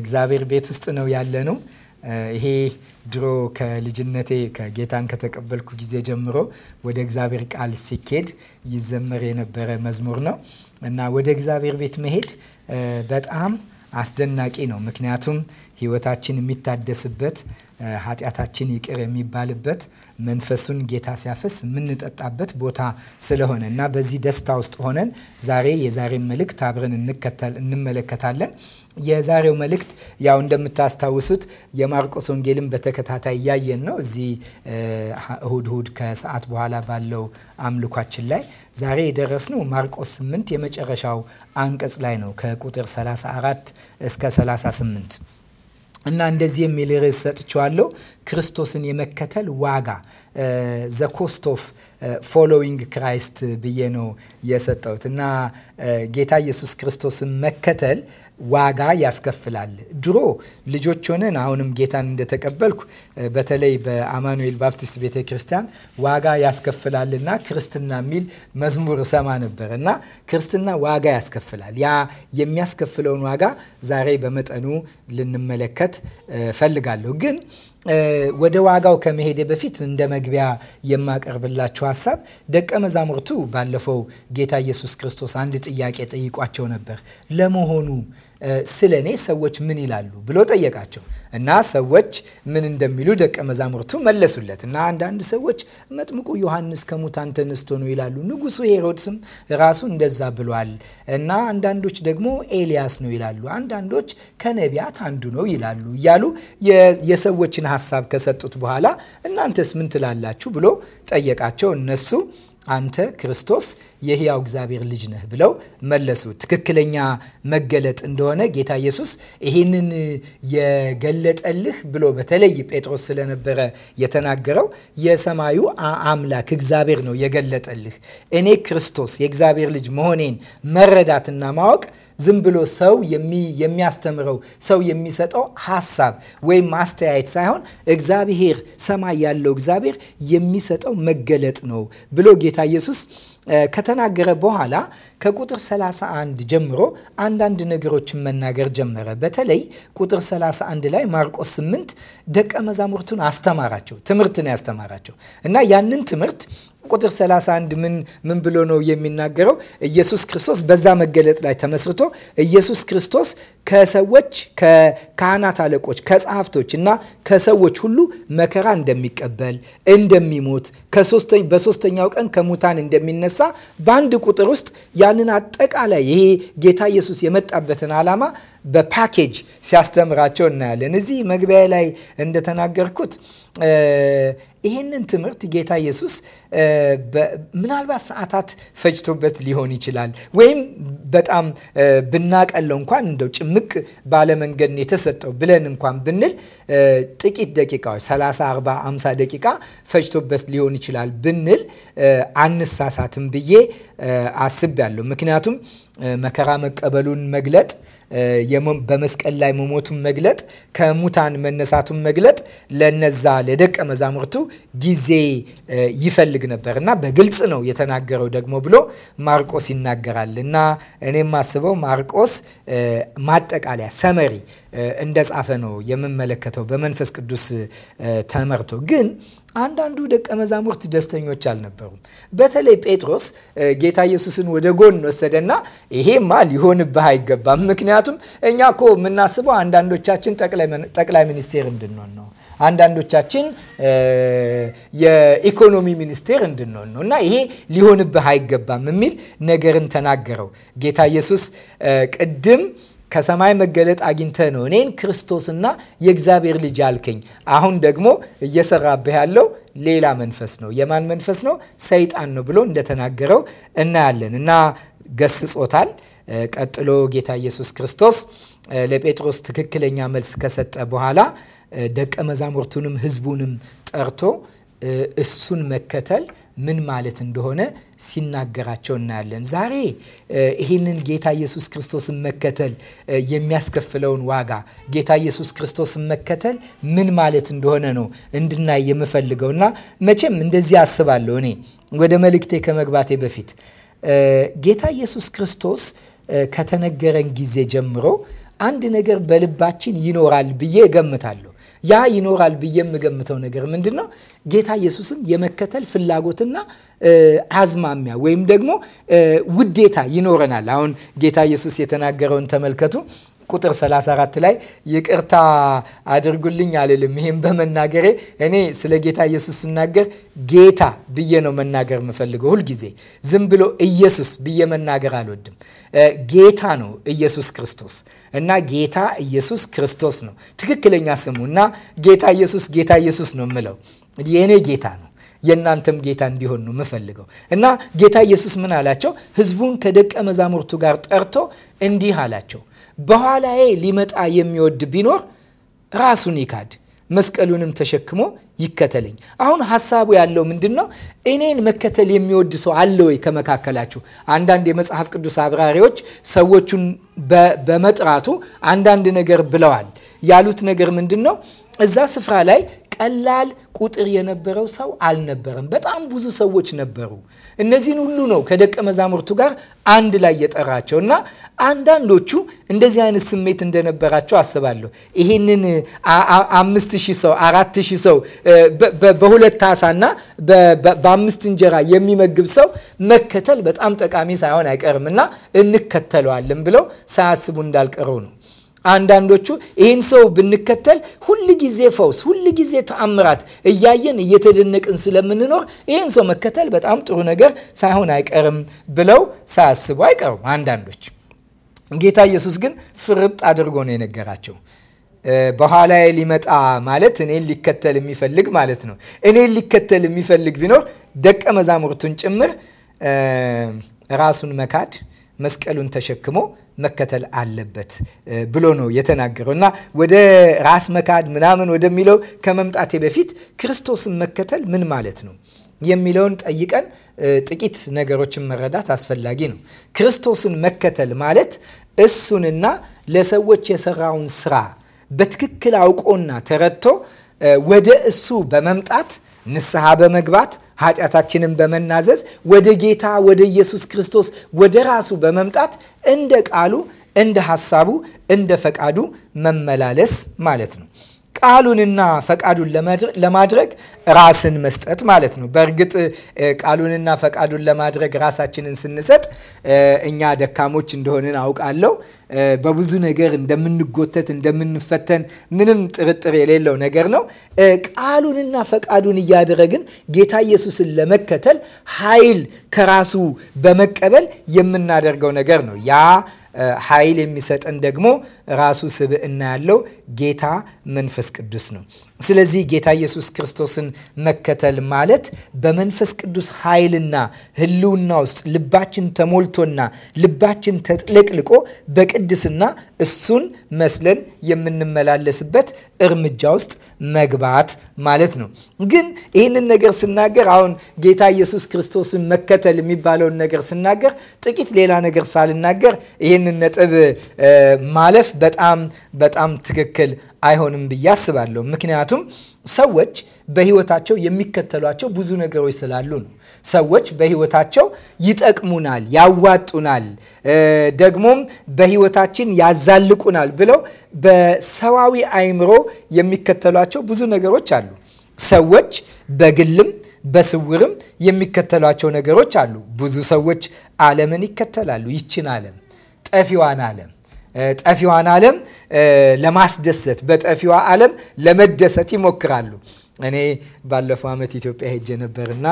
እግዚአብሔር ቤት ውስጥ ነው ያለ ነው። ይሄ ድሮ ከልጅነቴ ከጌታን ከተቀበልኩ ጊዜ ጀምሮ ወደ እግዚአብሔር ቃል ሲኬድ ይዘመር የነበረ መዝሙር ነው እና ወደ እግዚአብሔር ቤት መሄድ በጣም አስደናቂ ነው። ምክንያቱም ሕይወታችን የሚታደስበት ኃጢአታችን ይቅር የሚባልበት መንፈሱን ጌታ ሲያፈስ የምንጠጣበት ቦታ ስለሆነ እና በዚህ ደስታ ውስጥ ሆነን ዛሬ የዛሬን መልእክት አብረን እንመለከታለን። የዛሬው መልእክት ያው እንደምታስታውሱት የማርቆስ ወንጌልን በተከታታይ እያየን ነው። እዚህ እሁድ እሁድ ከሰዓት በኋላ ባለው አምልኳችን ላይ ዛሬ የደረስነው ማርቆስ 8 የመጨረሻው አንቀጽ ላይ ነው ከቁጥር 34 እስከ 38 እና እንደዚህ የሚል ርዕስ ሰጥቼዋለሁ። ክርስቶስን የመከተል ዋጋ ዘ ኮስት ኦፍ ፎሎዊንግ ክራይስት ብዬ ነው የሰጠሁት። እና ጌታ ኢየሱስ ክርስቶስን መከተል ዋጋ ያስከፍላል። ድሮ ልጆች ሆነን አሁንም ጌታን እንደተቀበልኩ በተለይ በአማኑኤል ባፕቲስት ቤተ ክርስቲያን ዋጋ ያስከፍላልና ክርስትና የሚል መዝሙር እሰማ ነበር እና ክርስትና ዋጋ ያስከፍላል። ያ የሚያስከፍለውን ዋጋ ዛሬ በመጠኑ ልንመለከት ፈልጋለሁ ግን ወደ ዋጋው ከመሄደ በፊት እንደ መግቢያ የማቀርብላችሁ ሀሳብ ደቀ መዛሙርቱ ባለፈው ጌታ ኢየሱስ ክርስቶስ አንድ ጥያቄ ጠይቋቸው ነበር። ለመሆኑ ስለ እኔ ሰዎች ምን ይላሉ ብሎ ጠየቃቸው እና ሰዎች ምን እንደሚሉ ደቀ መዛሙርቱ መለሱለት እና አንዳንድ ሰዎች መጥምቁ ዮሐንስ ከሙታን ተነስቶ ነው ይላሉ፣ ንጉሱ ሄሮድስም ራሱ እንደዛ ብሏል እና አንዳንዶች ደግሞ ኤልያስ ነው ይላሉ፣ አንዳንዶች ከነቢያት አንዱ ነው ይላሉ እያሉ የሰዎችን ሀሳብ ከሰጡት በኋላ እናንተስ ምን ትላላችሁ ብሎ ጠየቃቸው እነሱ አንተ ክርስቶስ የሕያው እግዚአብሔር ልጅ ነህ ብለው መለሱ። ትክክለኛ መገለጥ እንደሆነ ጌታ ኢየሱስ ይህንን የገለጠልህ ብሎ በተለይ ጴጥሮስ ስለነበረ የተናገረው የሰማዩ አምላክ እግዚአብሔር ነው የገለጠልህ። እኔ ክርስቶስ የእግዚአብሔር ልጅ መሆኔን መረዳትና ማወቅ ዝም ብሎ ሰው የሚያስተምረው ሰው የሚሰጠው ሀሳብ ወይም አስተያየት ሳይሆን እግዚአብሔር ሰማይ ያለው እግዚአብሔር የሚሰጠው መገለጥ ነው ብሎ ጌታ ኢየሱስ ከተናገረ በኋላ ከቁጥር 31 ጀምሮ አንዳንድ ነገሮችን መናገር ጀመረ። በተለይ ቁጥር 31 ላይ ማርቆስ 8 ደቀ መዛሙርቱን አስተማራቸው፣ ትምህርትን ያስተማራቸው እና ያንን ትምህርት ቁጥር 31 ምን ምን ብሎ ነው የሚናገረው? ኢየሱስ ክርስቶስ በዛ መገለጥ ላይ ተመስርቶ ኢየሱስ ክርስቶስ ከሰዎች ከካህናት አለቆች ከጸሐፍቶች እና ከሰዎች ሁሉ መከራ እንደሚቀበል እንደሚሞት፣ በሶስተኛው ቀን ከሙታን እንደሚነሳ በአንድ ቁጥር ውስጥ ያንን አጠቃላይ ይሄ ጌታ ኢየሱስ የመጣበትን ዓላማ በፓኬጅ ሲያስተምራቸው እናያለን። እዚህ መግቢያ ላይ እንደተናገርኩት ይህንን ትምህርት ጌታ ኢየሱስ ምናልባት ሰዓታት ፈጅቶበት ሊሆን ይችላል። ወይም በጣም ብናቀለው እንኳን እንደው ጭምቅ ባለመንገድ የተሰጠው ብለን እንኳን ብንል ጥቂት ደቂቃዎች 30፣ 40፣ 50 ደቂቃ ፈጅቶበት ሊሆን ይችላል ብንል አንሳሳትም ብዬ አስቤያለሁ። ምክንያቱም መከራ መቀበሉን መግለጥ በመስቀል ላይ መሞቱን መግለጥ ከሙታን መነሳቱን መግለጥ ለነዛ ለደቀ መዛሙርቱ ጊዜ ይፈልግ ነበር እና በግልጽ ነው የተናገረው ደግሞ ብሎ ማርቆስ ይናገራል እና እኔም ማስበው ማርቆስ ማጠቃለያ ሰመሪ እንደጻፈ ነው የምመለከተው በመንፈስ ቅዱስ ተመርቶ ግን አንዳንዱ ደቀ መዛሙርት ደስተኞች አልነበሩም። በተለይ ጴጥሮስ ጌታ ኢየሱስን ወደ ጎን ወሰደና ይሄማ ሊሆንብህ አይገባም፣ ምክንያቱም እኛ ኮ የምናስበው አንዳንዶቻችን ጠቅላይ ሚኒስቴር እንድንሆን ነው አንዳንዶቻችን የኢኮኖሚ ሚኒስቴር እንድንሆን ነው እና ይሄ ሊሆንብህ አይገባም የሚል ነገርን ተናገረው ጌታ ኢየሱስ ቅድም ከሰማይ መገለጥ አግኝተ ነው እኔን ክርስቶስና የእግዚአብሔር ልጅ አልከኝ። አሁን ደግሞ እየሰራብህ ያለው ሌላ መንፈስ ነው። የማን መንፈስ ነው? ሰይጣን ነው ብሎ እንደተናገረው እናያለን እና ገስጾታል። ቀጥሎ ጌታ ኢየሱስ ክርስቶስ ለጴጥሮስ ትክክለኛ መልስ ከሰጠ በኋላ ደቀ መዛሙርቱንም ህዝቡንም ጠርቶ እሱን መከተል ምን ማለት እንደሆነ ሲናገራቸው እናያለን። ዛሬ ይህንን ጌታ ኢየሱስ ክርስቶስን መከተል የሚያስከፍለውን ዋጋ ጌታ ኢየሱስ ክርስቶስን መከተል ምን ማለት እንደሆነ ነው እንድናይ የምፈልገው እና መቼም እንደዚህ አስባለሁ እኔ ወደ መልእክቴ ከመግባቴ በፊት ጌታ ኢየሱስ ክርስቶስ ከተነገረን ጊዜ ጀምሮ አንድ ነገር በልባችን ይኖራል ብዬ እገምታለሁ። ያ ይኖራል ብዬ የምገምተው ነገር ምንድን ነው? ጌታ ኢየሱስን የመከተል ፍላጎትና አዝማሚያ ወይም ደግሞ ውዴታ ይኖረናል። አሁን ጌታ ኢየሱስ የተናገረውን ተመልከቱ። ቁጥር 34 ላይ ይቅርታ አድርጉልኝ አልልም። ይህም በመናገሬ እኔ ስለ ጌታ ኢየሱስ ስናገር ጌታ ብዬ ነው መናገር የምፈልገው። ሁልጊዜ ዝም ብሎ ኢየሱስ ብዬ መናገር አልወድም። ጌታ ነው ኢየሱስ ክርስቶስ እና ጌታ ኢየሱስ ክርስቶስ ነው ትክክለኛ ስሙ እና ጌታ ኢየሱስ ጌታ ኢየሱስ ነው የምለው የእኔ ጌታ ነው የእናንተም ጌታ እንዲሆን ነው የምፈልገው እና ጌታ ኢየሱስ ምን አላቸው ህዝቡን ከደቀ መዛሙርቱ ጋር ጠርቶ እንዲህ አላቸው በኋላዬ ሊመጣ የሚወድ ቢኖር ራሱን ይካድ መስቀሉንም ተሸክሞ ይከተለኝ። አሁን ሀሳቡ ያለው ምንድን ነው? እኔን መከተል የሚወድ ሰው አለ ወይ ከመካከላችሁ? አንዳንድ የመጽሐፍ ቅዱስ አብራሪዎች ሰዎቹን በመጥራቱ አንዳንድ ነገር ብለዋል። ያሉት ነገር ምንድን ነው? እዛ ስፍራ ላይ ቀላል ቁጥር የነበረው ሰው አልነበረም። በጣም ብዙ ሰዎች ነበሩ። እነዚህን ሁሉ ነው ከደቀ መዛሙርቱ ጋር አንድ ላይ የጠራቸው እና አንዳንዶቹ እንደዚህ አይነት ስሜት እንደነበራቸው አስባለሁ። ይሄንን አምስት ሺህ ሰው አራት ሺህ ሰው በሁለት አሳና በአምስት እንጀራ የሚመግብ ሰው መከተል በጣም ጠቃሚ ሳይሆን አይቀርም እና እንከተለዋለን ብለው ሳያስቡ እንዳልቀረው ነው። አንዳንዶቹ ይህን ሰው ብንከተል ሁል ጊዜ ፈውስ፣ ሁል ጊዜ ተአምራት እያየን እየተደነቅን ስለምንኖር ይህን ሰው መከተል በጣም ጥሩ ነገር ሳይሆን አይቀርም ብለው ሳያስቡ አይቀሩም አንዳንዶች። ጌታ ኢየሱስ ግን ፍርጥ አድርጎ ነው የነገራቸው። በኋላ ሊመጣ ማለት እኔን ሊከተል የሚፈልግ ማለት ነው። እኔን ሊከተል የሚፈልግ ቢኖር ደቀ መዛሙርቱን ጭምር ራሱን መካድ መስቀሉን ተሸክሞ መከተል አለበት ብሎ ነው የተናገረው እና ወደ ራስ መካድ ምናምን ወደሚለው ከመምጣቴ በፊት ክርስቶስን መከተል ምን ማለት ነው የሚለውን ጠይቀን ጥቂት ነገሮችን መረዳት አስፈላጊ ነው። ክርስቶስን መከተል ማለት እሱንና ለሰዎች የሰራውን ስራ በትክክል አውቆና ተረድቶ ወደ እሱ በመምጣት ንስሐ በመግባት ኃጢአታችንን በመናዘዝ ወደ ጌታ ወደ ኢየሱስ ክርስቶስ ወደ ራሱ በመምጣት እንደ ቃሉ እንደ ሐሳቡ እንደ ፈቃዱ መመላለስ ማለት ነው። ቃሉንና ፈቃዱን ለማድረግ ራስን መስጠት ማለት ነው። በእርግጥ ቃሉንና ፈቃዱን ለማድረግ ራሳችንን ስንሰጥ እኛ ደካሞች እንደሆንን አውቃለሁ። በብዙ ነገር እንደምንጎተት እንደምንፈተን ምንም ጥርጥር የሌለው ነገር ነው። ቃሉንና ፈቃዱን እያደረግን ጌታ ኢየሱስን ለመከተል ኃይል ከራሱ በመቀበል የምናደርገው ነገር ነው። ያ ኃይል የሚሰጠን ደግሞ ራሱ ስብዕና ያለው ጌታ መንፈስ ቅዱስ ነው። ስለዚህ ጌታ ኢየሱስ ክርስቶስን መከተል ማለት በመንፈስ ቅዱስ ኃይልና ሕልውና ውስጥ ልባችን ተሞልቶና ልባችን ተጥለቅልቆ በቅድስና እሱን መስለን የምንመላለስበት እርምጃ ውስጥ መግባት ማለት ነው። ግን ይህንን ነገር ስናገር አሁን ጌታ ኢየሱስ ክርስቶስን መከተል የሚባለውን ነገር ስናገር ጥቂት ሌላ ነገር ሳልናገር ይህንን ነጥብ ማለፍ በጣም በጣም ትክክል አይሆንም ብዬ አስባለሁ። ምክንያቱም ሰዎች በህይወታቸው የሚከተሏቸው ብዙ ነገሮች ስላሉ ነው። ሰዎች በህይወታቸው ይጠቅሙናል፣ ያዋጡናል፣ ደግሞም በህይወታችን ያዛልቁናል ብለው በሰዋዊ አይምሮ የሚከተሏቸው ብዙ ነገሮች አሉ። ሰዎች በግልም በስውርም የሚከተሏቸው ነገሮች አሉ። ብዙ ሰዎች ዓለምን ይከተላሉ። ይችን ዓለም ጠፊዋን ዓለም ጠፊዋን ዓለም ለማስደሰት በጠፊዋ ዓለም ለመደሰት ይሞክራሉ። እኔ ባለፈው ዓመት ኢትዮጵያ ሄጄ ነበርና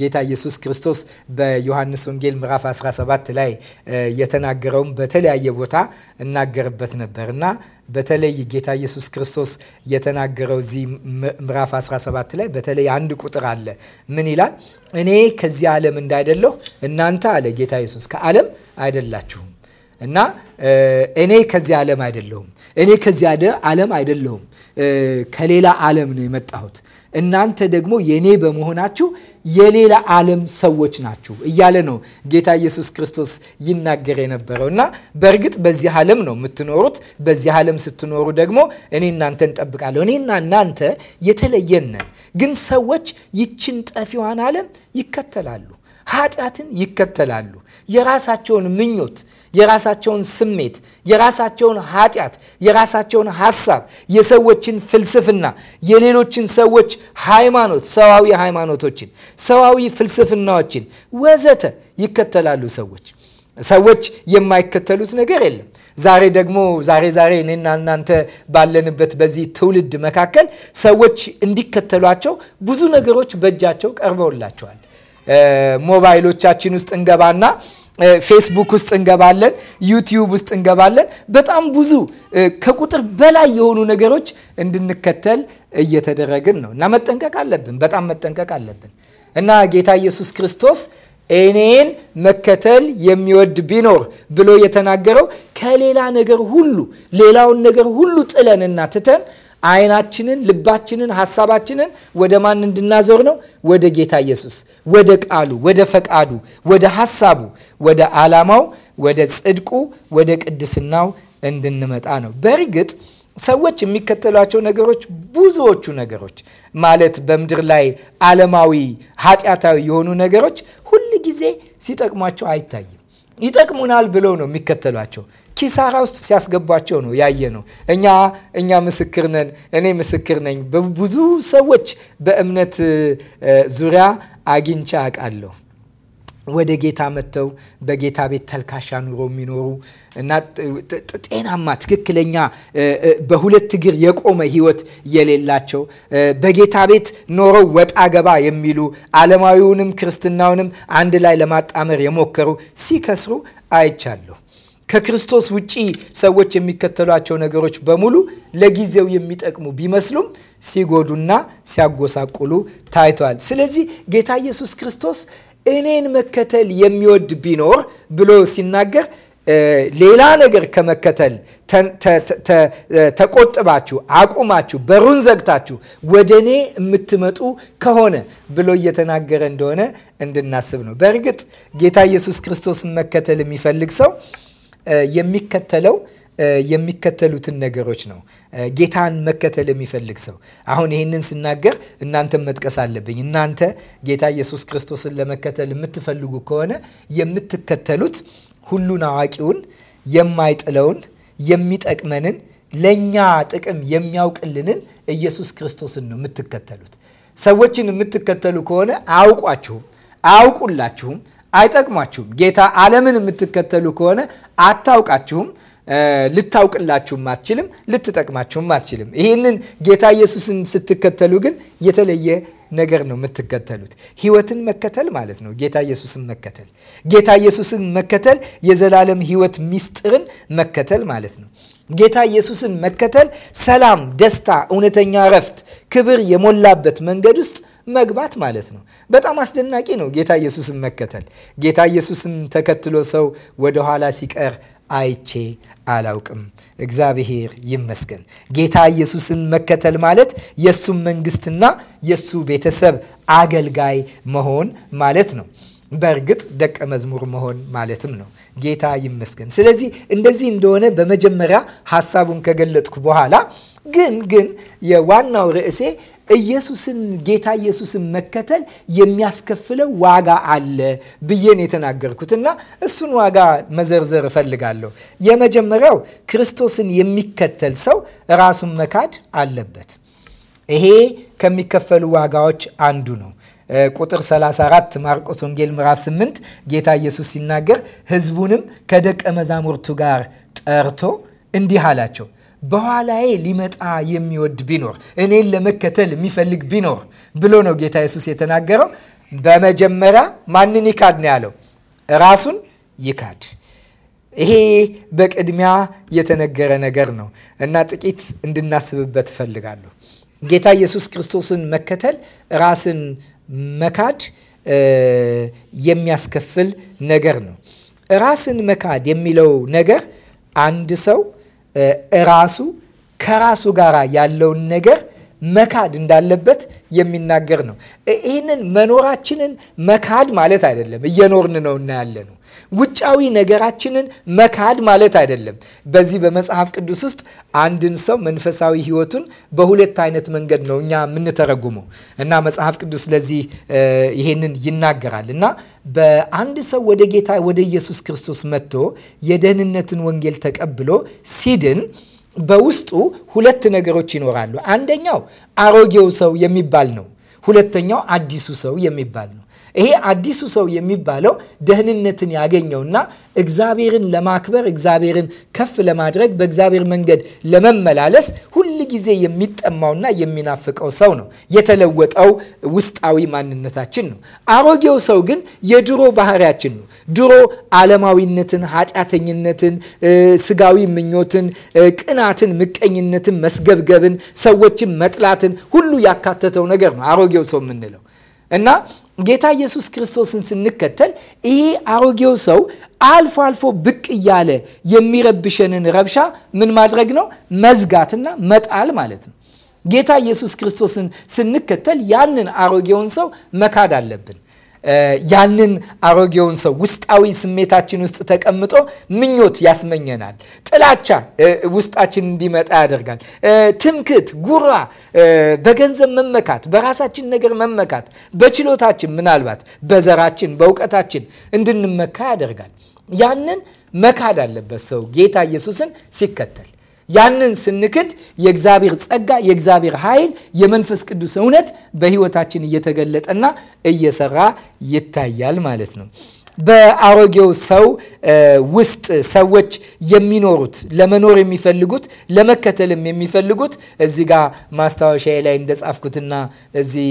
ጌታ ኢየሱስ ክርስቶስ በዮሐንስ ወንጌል ምዕራፍ 17 ላይ የተናገረውን በተለያየ ቦታ እናገርበት ነበርና በተለይ ጌታ ኢየሱስ ክርስቶስ የተናገረው እዚህ ምዕራፍ 17 ላይ በተለይ አንድ ቁጥር አለ። ምን ይላል? እኔ ከዚህ ዓለም እንዳይደለሁ እናንተ አለ ጌታ ኢየሱስ ከዓለም አይደላችሁም እና እኔ ከዚህ ዓለም አይደለሁም፣ እኔ ከዚህ ዓለም አይደለሁም፣ ከሌላ ዓለም ነው የመጣሁት። እናንተ ደግሞ የኔ በመሆናችሁ የሌላ ዓለም ሰዎች ናችሁ እያለ ነው ጌታ ኢየሱስ ክርስቶስ ይናገር የነበረው እና በእርግጥ በዚህ ዓለም ነው የምትኖሩት። በዚህ ዓለም ስትኖሩ ደግሞ እኔ እናንተ እንጠብቃለሁ። እኔና እናንተ የተለየን ግን ሰዎች ይችን ጠፊዋን ዓለም ይከተላሉ፣ ኃጢአትን ይከተላሉ፣ የራሳቸውን ምኞት የራሳቸውን ስሜት፣ የራሳቸውን ኃጢአት፣ የራሳቸውን ሀሳብ፣ የሰዎችን ፍልስፍና፣ የሌሎችን ሰዎች ሃይማኖት፣ ሰዋዊ ሃይማኖቶችን፣ ሰዋዊ ፍልስፍናዎችን ወዘተ ይከተላሉ ሰዎች ሰዎች የማይከተሉት ነገር የለም። ዛሬ ደግሞ ዛሬ ዛሬ እኔና እናንተ ባለንበት በዚህ ትውልድ መካከል ሰዎች እንዲከተሏቸው ብዙ ነገሮች በእጃቸው ቀርበውላቸዋል። ሞባይሎቻችን ውስጥ እንገባና ፌስቡክ ውስጥ እንገባለን፣ ዩቲዩብ ውስጥ እንገባለን። በጣም ብዙ ከቁጥር በላይ የሆኑ ነገሮች እንድንከተል እየተደረግን ነው እና መጠንቀቅ አለብን፣ በጣም መጠንቀቅ አለብን እና ጌታ ኢየሱስ ክርስቶስ እኔን መከተል የሚወድ ቢኖር ብሎ የተናገረው ከሌላ ነገር ሁሉ ሌላውን ነገር ሁሉ ጥለንና ትተን አይናችንን፣ ልባችንን፣ ሀሳባችንን ወደ ማን እንድናዞር ነው? ወደ ጌታ ኢየሱስ፣ ወደ ቃሉ፣ ወደ ፈቃዱ፣ ወደ ሀሳቡ፣ ወደ ዓላማው፣ ወደ ጽድቁ፣ ወደ ቅድስናው እንድንመጣ ነው። በእርግጥ ሰዎች የሚከተሏቸው ነገሮች ብዙዎቹ ነገሮች ማለት በምድር ላይ ዓለማዊ ኃጢአታዊ የሆኑ ነገሮች ሁል ጊዜ ሲጠቅሟቸው አይታይም። ይጠቅሙናል ብለው ነው የሚከተሏቸው ኪሳራ ውስጥ ሲያስገቧቸው ነው ያየ ነው። እኛ እኛ ምስክር ነን፣ እኔ ምስክር ነኝ። ብዙ ሰዎች በእምነት ዙሪያ አግኝቼ አውቃለሁ። ወደ ጌታ መጥተው በጌታ ቤት ተልካሻ ኑሮ የሚኖሩ እና ጤናማ ትክክለኛ በሁለት እግር የቆመ ሕይወት የሌላቸው በጌታ ቤት ኖረው ወጣ ገባ የሚሉ ዓለማዊውንም ክርስትናውንም አንድ ላይ ለማጣመር የሞከሩ ሲከስሩ አይቻለሁ። ከክርስቶስ ውጪ ሰዎች የሚከተሏቸው ነገሮች በሙሉ ለጊዜው የሚጠቅሙ ቢመስሉም ሲጎዱና ሲያጎሳቁሉ ታይቷል። ስለዚህ ጌታ ኢየሱስ ክርስቶስ እኔን መከተል የሚወድ ቢኖር ብሎ ሲናገር ሌላ ነገር ከመከተል ተቆጥባችሁ አቁማችሁ በሩን ዘግታችሁ ወደ እኔ የምትመጡ ከሆነ ብሎ እየተናገረ እንደሆነ እንድናስብ ነው። በእርግጥ ጌታ ኢየሱስ ክርስቶስን መከተል የሚፈልግ ሰው የሚከተለው የሚከተሉትን ነገሮች ነው። ጌታን መከተል የሚፈልግ ሰው አሁን ይህንን ስናገር እናንተን መጥቀስ አለብኝ። እናንተ ጌታ ኢየሱስ ክርስቶስን ለመከተል የምትፈልጉ ከሆነ የምትከተሉት ሁሉን አዋቂውን፣ የማይጥለውን፣ የሚጠቅመንን፣ ለእኛ ጥቅም የሚያውቅልንን ኢየሱስ ክርስቶስን ነው የምትከተሉት። ሰዎችን የምትከተሉ ከሆነ አያውቋችሁም፣ አያውቁላችሁም አይጠቅሟችሁም። ጌታ ዓለምን የምትከተሉ ከሆነ አታውቃችሁም፣ ልታውቅላችሁም አትችልም፣ ልትጠቅማችሁም አትችልም። ይህንን ጌታ ኢየሱስን ስትከተሉ ግን የተለየ ነገር ነው የምትከተሉት። ህይወትን መከተል ማለት ነው ጌታ ኢየሱስን መከተል። ጌታ ኢየሱስን መከተል የዘላለም ህይወት ሚስጥርን መከተል ማለት ነው። ጌታ ኢየሱስን መከተል ሰላም፣ ደስታ፣ እውነተኛ እረፍት፣ ክብር የሞላበት መንገድ ውስጥ መግባት ማለት ነው። በጣም አስደናቂ ነው። ጌታ ኢየሱስን መከተል ጌታ ኢየሱስን ተከትሎ ሰው ወደኋላ ሲቀር አይቼ አላውቅም። እግዚአብሔር ይመስገን። ጌታ ኢየሱስን መከተል ማለት የእሱም መንግስትና የእሱ ቤተሰብ አገልጋይ መሆን ማለት ነው። በእርግጥ ደቀ መዝሙር መሆን ማለትም ነው። ጌታ ይመስገን። ስለዚህ እንደዚህ እንደሆነ በመጀመሪያ ሀሳቡን ከገለጥኩ በኋላ ግን ግን የዋናው ርዕሴ ኢየሱስን ጌታ ኢየሱስን መከተል የሚያስከፍለው ዋጋ አለ ብዬን የተናገርኩት እና እሱን ዋጋ መዘርዘር እፈልጋለሁ። የመጀመሪያው ክርስቶስን የሚከተል ሰው ራሱን መካድ አለበት። ይሄ ከሚከፈሉ ዋጋዎች አንዱ ነው። ቁጥር 34 ማርቆስ ወንጌል ምዕራፍ 8 ጌታ ኢየሱስ ሲናገር ህዝቡንም ከደቀ መዛሙርቱ ጋር ጠርቶ እንዲህ አላቸው በኋላዬ ሊመጣ የሚወድ ቢኖር እኔን ለመከተል የሚፈልግ ቢኖር ብሎ ነው ጌታ ኢየሱስ የተናገረው። በመጀመሪያ ማንን ይካድ ነው ያለው? ራሱን ይካድ። ይሄ በቅድሚያ የተነገረ ነገር ነው እና ጥቂት እንድናስብበት እፈልጋለሁ። ጌታ ኢየሱስ ክርስቶስን መከተል ራስን መካድ የሚያስከፍል ነገር ነው። ራስን መካድ የሚለው ነገር አንድ ሰው ራሱ ከራሱ ጋር ያለውን ነገር መካድ እንዳለበት የሚናገር ነው። ይህንን መኖራችንን መካድ ማለት አይደለም፣ እየኖርን ነው እና ያለ ነው። ውጫዊ ነገራችንን መካድ ማለት አይደለም። በዚህ በመጽሐፍ ቅዱስ ውስጥ አንድን ሰው መንፈሳዊ ሕይወቱን በሁለት አይነት መንገድ ነው እኛ የምንተረጉመው እና መጽሐፍ ቅዱስ ለዚህ ይሄንን ይናገራል እና በአንድ ሰው ወደ ጌታ ወደ ኢየሱስ ክርስቶስ መጥቶ የደህንነትን ወንጌል ተቀብሎ ሲድን በውስጡ ሁለት ነገሮች ይኖራሉ። አንደኛው አሮጌው ሰው የሚባል ነው። ሁለተኛው አዲሱ ሰው የሚባል ነው። ይሄ አዲሱ ሰው የሚባለው ደህንነትን ያገኘውና እግዚአብሔርን ለማክበር እግዚአብሔርን ከፍ ለማድረግ በእግዚአብሔር መንገድ ለመመላለስ ሁል ጊዜ የሚጠማውና የሚናፍቀው ሰው ነው። የተለወጠው ውስጣዊ ማንነታችን ነው። አሮጌው ሰው ግን የድሮ ባህሪያችን ነው። ድሮ ዓለማዊነትን፣ ኃጢአተኝነትን፣ ስጋዊ ምኞትን፣ ቅናትን፣ ምቀኝነትን፣ መስገብገብን፣ ሰዎችን መጥላትን ሁሉ ያካተተው ነገር ነው አሮጌው ሰው የምንለው እና ጌታ ኢየሱስ ክርስቶስን ስንከተል ይሄ አሮጌው ሰው አልፎ አልፎ ብቅ እያለ የሚረብሸንን ረብሻ ምን ማድረግ ነው? መዝጋትና መጣል ማለት ነው። ጌታ ኢየሱስ ክርስቶስን ስንከተል ያንን አሮጌውን ሰው መካድ አለብን። ያንን አሮጌውን ሰው ውስጣዊ ስሜታችን ውስጥ ተቀምጦ ምኞት ያስመኘናል። ጥላቻ ውስጣችን እንዲመጣ ያደርጋል። ትምክት፣ ጉራ፣ በገንዘብ መመካት፣ በራሳችን ነገር መመካት፣ በችሎታችን ምናልባት በዘራችን፣ በእውቀታችን እንድንመካ ያደርጋል። ያንን መካድ አለበት ሰው ጌታ ኢየሱስን ሲከተል ያንን ስንክድ የእግዚአብሔር ጸጋ፣ የእግዚአብሔር ኃይል፣ የመንፈስ ቅዱስ እውነት በህይወታችን እየተገለጠና እየሰራ ይታያል ማለት ነው። በአሮጌው ሰው ውስጥ ሰዎች የሚኖሩት ለመኖር የሚፈልጉት ለመከተልም የሚፈልጉት እዚህ ጋ ማስታወሻዬ ላይ እንደጻፍኩትና እዚህ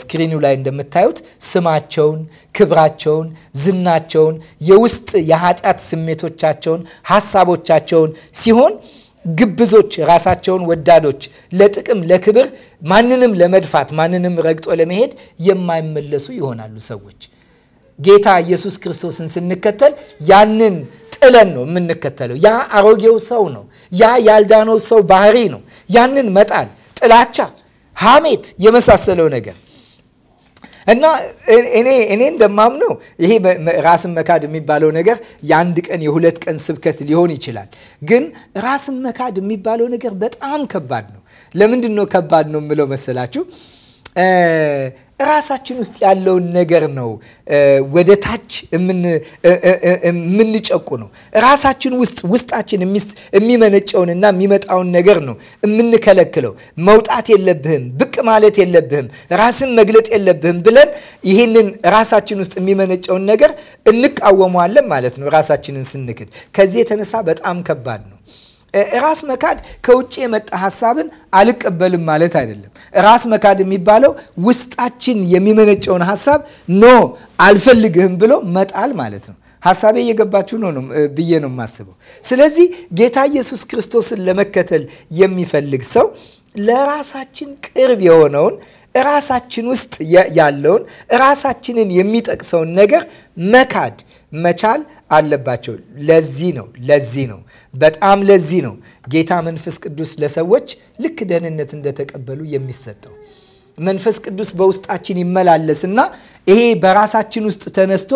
ስክሪኑ ላይ እንደምታዩት ስማቸውን፣ ክብራቸውን፣ ዝናቸውን፣ የውስጥ የኃጢአት ስሜቶቻቸውን፣ ሀሳቦቻቸውን ሲሆን ግብዞች፣ ራሳቸውን ወዳዶች፣ ለጥቅም ለክብር ማንንም ለመድፋት ማንንም ረግጦ ለመሄድ የማይመለሱ ይሆናሉ ሰዎች። ጌታ ኢየሱስ ክርስቶስን ስንከተል ያንን ጥለን ነው የምንከተለው። ያ አሮጌው ሰው ነው። ያ ያልዳነው ሰው ባህሪ ነው። ያንን መጣል፣ ጥላቻ፣ ሐሜት የመሳሰለው ነገር እና እኔ እኔ እንደማምነው ይሄ ራስን መካድ የሚባለው ነገር የአንድ ቀን የሁለት ቀን ስብከት ሊሆን ይችላል። ግን ራስን መካድ የሚባለው ነገር በጣም ከባድ ነው። ለምንድን ነው ከባድ ነው የምለው መሰላችሁ? ራሳችን ውስጥ ያለውን ነገር ነው ወደ ታች የምንጨቁ ነው። ራሳችን ውስጥ ውስጣችን የሚመነጨውንና የሚመጣውን ነገር ነው የምንከለክለው። መውጣት የለብህም፣ ብቅ ማለት የለብህም፣ ራስን መግለጥ የለብህም ብለን ይህንን ራሳችን ውስጥ የሚመነጨውን ነገር እንቃወመዋለን ማለት ነው። ራሳችንን ስንክድ ከዚህ የተነሳ በጣም ከባድ ነው። ራስ መካድ ከውጭ የመጣ ሀሳብን አልቀበልም ማለት አይደለም። ራስ መካድ የሚባለው ውስጣችን የሚመነጨውን ሀሳብ ኖ አልፈልግህም ብሎ መጣል ማለት ነው። ሀሳቤ እየገባችሁ ነው ብዬ ነው የማስበው። ስለዚህ ጌታ ኢየሱስ ክርስቶስን ለመከተል የሚፈልግ ሰው ለራሳችን ቅርብ የሆነውን ራሳችን ውስጥ ያለውን ራሳችንን የሚጠቅሰውን ነገር መካድ መቻል አለባቸው። ለዚህ ነው ለዚህ ነው በጣም ለዚህ ነው ጌታ መንፈስ ቅዱስ ለሰዎች ልክ ደህንነት እንደተቀበሉ የሚሰጠው መንፈስ ቅዱስ በውስጣችን ይመላለስና ይሄ በራሳችን ውስጥ ተነስቶ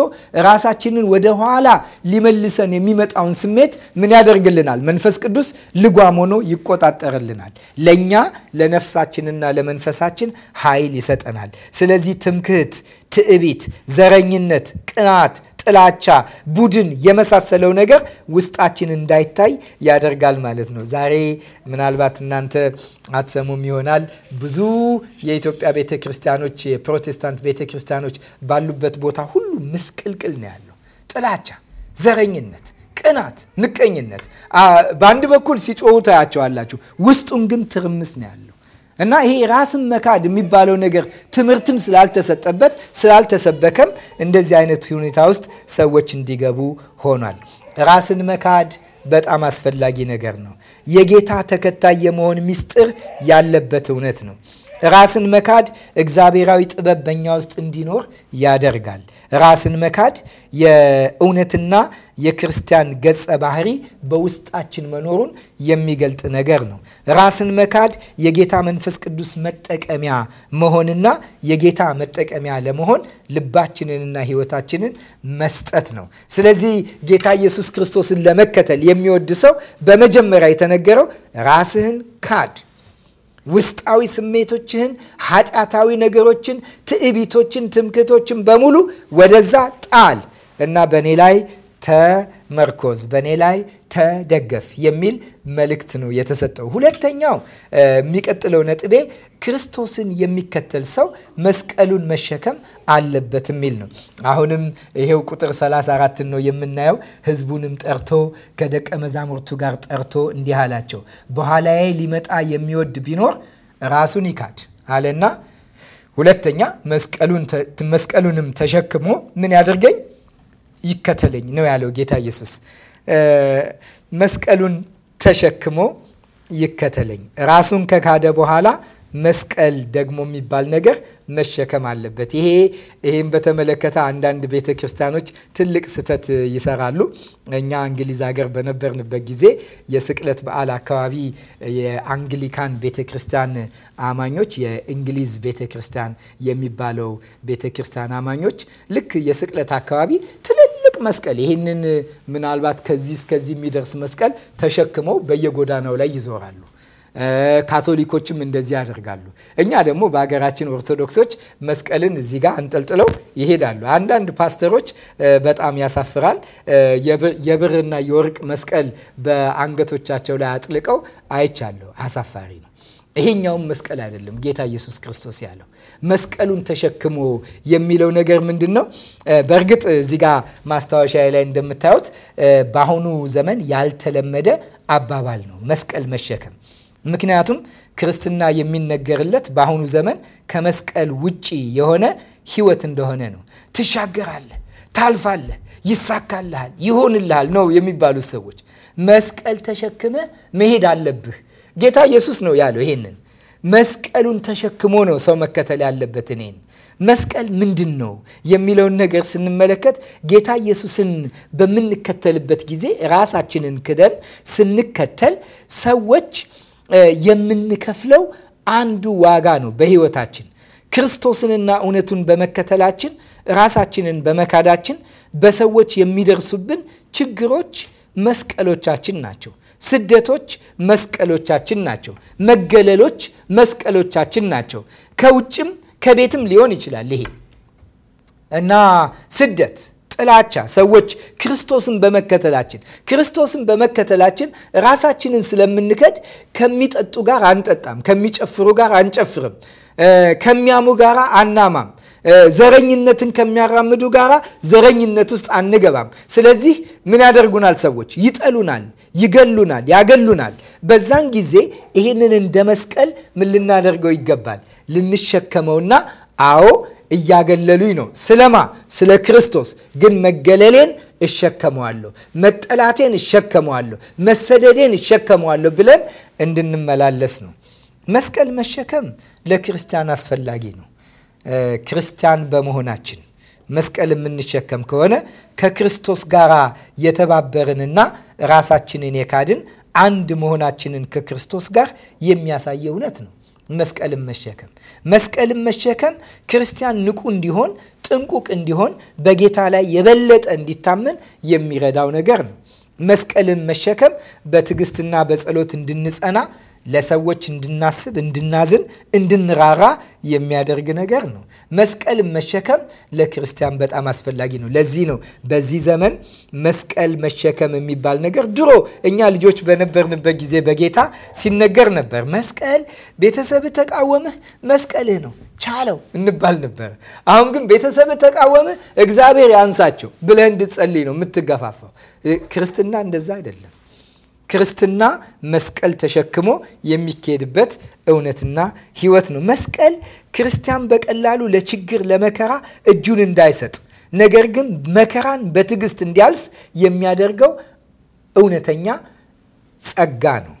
ራሳችንን ወደ ኋላ ሊመልሰን የሚመጣውን ስሜት ምን ያደርግልናል? መንፈስ ቅዱስ ልጓም ሆኖ ይቆጣጠርልናል። ለእኛ ለነፍሳችንና ለመንፈሳችን ኃይል ይሰጠናል። ስለዚህ ትምክህት፣ ትዕቢት፣ ዘረኝነት፣ ቅናት ጥላቻ፣ ቡድን የመሳሰለው ነገር ውስጣችን እንዳይታይ ያደርጋል ማለት ነው። ዛሬ ምናልባት እናንተ አትሰሙም ይሆናል። ብዙ የኢትዮጵያ ቤተ ክርስቲያኖች፣ የፕሮቴስታንት ቤተ ክርስቲያኖች ባሉበት ቦታ ሁሉ ምስቅልቅል ነው ያለው። ጥላቻ፣ ዘረኝነት፣ ቅናት፣ ምቀኝነት በአንድ በኩል ሲጮሁ ታያቸዋላችሁ። ውስጡን ግን ትርምስ ነው ያለው። እና ይሄ ራስን መካድ የሚባለው ነገር ትምህርትም ስላልተሰጠበት ስላልተሰበከም እንደዚህ አይነት ሁኔታ ውስጥ ሰዎች እንዲገቡ ሆኗል። ራስን መካድ በጣም አስፈላጊ ነገር ነው። የጌታ ተከታይ የመሆን ምስጢር ያለበት እውነት ነው። ራስን መካድ እግዚአብሔራዊ ጥበብ በኛ ውስጥ እንዲኖር ያደርጋል። ራስን መካድ የእውነትና የክርስቲያን ገጸ ባህሪ በውስጣችን መኖሩን የሚገልጥ ነገር ነው። ራስን መካድ የጌታ መንፈስ ቅዱስ መጠቀሚያ መሆንና የጌታ መጠቀሚያ ለመሆን ልባችንንና ሕይወታችንን መስጠት ነው። ስለዚህ ጌታ ኢየሱስ ክርስቶስን ለመከተል የሚወድ ሰው በመጀመሪያ የተነገረው ራስህን ካድ ውስጣዊ ስሜቶችህን፣ ኃጢአታዊ ነገሮችን፣ ትዕቢቶችን፣ ትምክቶችን በሙሉ ወደዛ ጣል እና በእኔ ላይ ተመርኮዝ፣ በእኔ ላይ ተደገፍ የሚል መልእክት ነው የተሰጠው። ሁለተኛው የሚቀጥለው ነጥቤ ክርስቶስን የሚከተል ሰው መስቀሉን መሸከም አለበት የሚል ነው። አሁንም ይሄው ቁጥር 34 ነው የምናየው። ህዝቡንም ጠርቶ ከደቀ መዛሙርቱ ጋር ጠርቶ እንዲህ አላቸው፣ በኋላዬ ሊመጣ የሚወድ ቢኖር ራሱን ይካድ አለና፣ ሁለተኛ መስቀሉንም ተሸክሞ ምን ያደርገኝ ይከተለኝ ነው ያለው ጌታ ኢየሱስ። መስቀሉን ተሸክሞ ይከተለኝ ራሱን ከካደ በኋላ መስቀል ደግሞ የሚባል ነገር መሸከም አለበት። ይሄ ይህም በተመለከተ አንዳንድ ቤተ ክርስቲያኖች ትልቅ ስህተት ይሰራሉ። እኛ እንግሊዝ ሀገር በነበርንበት ጊዜ የስቅለት በዓል አካባቢ የአንግሊካን ቤተ ክርስቲያን አማኞች የእንግሊዝ ቤተ ክርስቲያን የሚባለው ቤተ ክርስቲያን አማኞች ልክ የስቅለት አካባቢ ትልልቅ መስቀል ይህንን ምናልባት ከዚህ እስከዚህ የሚደርስ መስቀል ተሸክመው በየጎዳናው ላይ ይዞራሉ። ካቶሊኮችም እንደዚህ ያደርጋሉ። እኛ ደግሞ በሀገራችን ኦርቶዶክሶች መስቀልን እዚህ ጋር አንጠልጥለው ይሄዳሉ። አንዳንድ ፓስተሮች በጣም ያሳፍራል። የብርና የወርቅ መስቀል በአንገቶቻቸው ላይ አጥልቀው አይቻለሁ። አሳፋሪ ነው። ይሄኛውም መስቀል አይደለም ጌታ ኢየሱስ ክርስቶስ ያለው መስቀሉን ተሸክሞ የሚለው ነገር ምንድን ነው? በእርግጥ እዚህ ማስታወሻ ላይ እንደምታዩት በአሁኑ ዘመን ያልተለመደ አባባል ነው መስቀል መሸከም ምክንያቱም ክርስትና የሚነገርለት በአሁኑ ዘመን ከመስቀል ውጪ የሆነ ህይወት እንደሆነ ነው። ትሻገራለህ፣ ታልፋለህ፣ ይሳካልሃል፣ ይሆንልሃል ነው የሚባሉት ሰዎች። መስቀል ተሸክመ መሄድ አለብህ። ጌታ ኢየሱስ ነው ያለው ይሄንን። መስቀሉን ተሸክሞ ነው ሰው መከተል ያለበት። እኔን መስቀል ምንድን ነው የሚለውን ነገር ስንመለከት ጌታ ኢየሱስን በምንከተልበት ጊዜ ራሳችንን ክደን ስንከተል ሰዎች የምንከፍለው አንዱ ዋጋ ነው በህይወታችን ክርስቶስንና እውነቱን በመከተላችን ራሳችንን በመካዳችን በሰዎች የሚደርሱብን ችግሮች መስቀሎቻችን ናቸው። ስደቶች መስቀሎቻችን ናቸው። መገለሎች መስቀሎቻችን ናቸው። ከውጭም ከቤትም ሊሆን ይችላል ይሄ እና ስደት ጥላቻ ሰዎች ክርስቶስን በመከተላችን ክርስቶስን በመከተላችን ራሳችንን ስለምንከድ ከሚጠጡ ጋር አንጠጣም፣ ከሚጨፍሩ ጋር አንጨፍርም፣ ከሚያሙ ጋር አናማም፣ ዘረኝነትን ከሚያራምዱ ጋር ዘረኝነት ውስጥ አንገባም። ስለዚህ ምን ያደርጉናል? ሰዎች ይጠሉናል፣ ይገሉናል፣ ያገሉናል። በዛን ጊዜ ይህንን እንደ መስቀል ምን ልናደርገው ይገባል? ልንሸከመውና አዎ እያገለሉኝ ነው። ስለማ ስለ ክርስቶስ ግን መገለሌን እሸከመዋለሁ፣ መጠላቴን እሸከመዋለሁ፣ መሰደዴን እሸከመዋለሁ ብለን እንድንመላለስ ነው። መስቀል መሸከም ለክርስቲያን አስፈላጊ ነው። ክርስቲያን በመሆናችን መስቀል የምንሸከም ከሆነ ከክርስቶስ ጋር የተባበርንና ራሳችንን የካድን አንድ መሆናችንን ከክርስቶስ ጋር የሚያሳይ እውነት ነው። መስቀልን መሸከም። መስቀልን መሸከም ክርስቲያን ንቁ እንዲሆን፣ ጥንቁቅ እንዲሆን፣ በጌታ ላይ የበለጠ እንዲታመን የሚረዳው ነገር ነው። መስቀልን መሸከም በትዕግስትና በጸሎት እንድንጸና ለሰዎች እንድናስብ፣ እንድናዝን፣ እንድንራራ የሚያደርግ ነገር ነው። መስቀልን መሸከም ለክርስቲያን በጣም አስፈላጊ ነው። ለዚህ ነው በዚህ ዘመን መስቀል መሸከም የሚባል ነገር ድሮ እኛ ልጆች በነበርንበት ጊዜ በጌታ ሲነገር ነበር። መስቀል ቤተሰብህ ተቃወመህ፣ መስቀልህ ነው ቻለው እንባል ነበር። አሁን ግን ቤተሰብ ተቃወመ እግዚአብሔር ያንሳቸው ብለህ እንድትጸልይ ነው የምትገፋፋው። ክርስትና እንደዛ አይደለም። ክርስትና መስቀል ተሸክሞ የሚካሄድበት እውነትና ህይወት ነው። መስቀል ክርስቲያን በቀላሉ ለችግር ለመከራ እጁን እንዳይሰጥ ነገር ግን መከራን በትዕግስት እንዲያልፍ የሚያደርገው እውነተኛ ጸጋ ነው።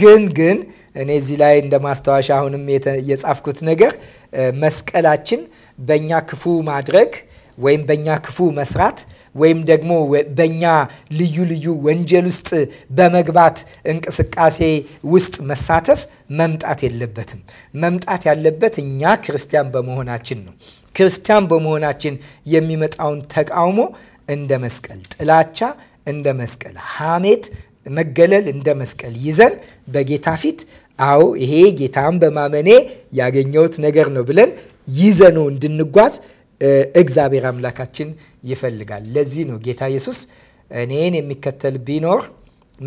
ግን ግን እኔ እዚህ ላይ እንደ ማስታወሻ አሁንም የጻፍኩት ነገር መስቀላችን በእኛ ክፉ ማድረግ ወይም በእኛ ክፉ መስራት ወይም ደግሞ በእኛ ልዩ ልዩ ወንጀል ውስጥ በመግባት እንቅስቃሴ ውስጥ መሳተፍ መምጣት የለበትም። መምጣት ያለበት እኛ ክርስቲያን በመሆናችን ነው። ክርስቲያን በመሆናችን የሚመጣውን ተቃውሞ እንደ መስቀል፣ ጥላቻ እንደ መስቀል፣ ሐሜት፣ መገለል እንደ መስቀል ይዘን በጌታ ፊት አዎ ይሄ ጌታን በማመኔ ያገኘሁት ነገር ነው ብለን ይዘነው እንድንጓዝ እግዚአብሔር አምላካችን ይፈልጋል። ለዚህ ነው ጌታ ኢየሱስ እኔን የሚከተል ቢኖር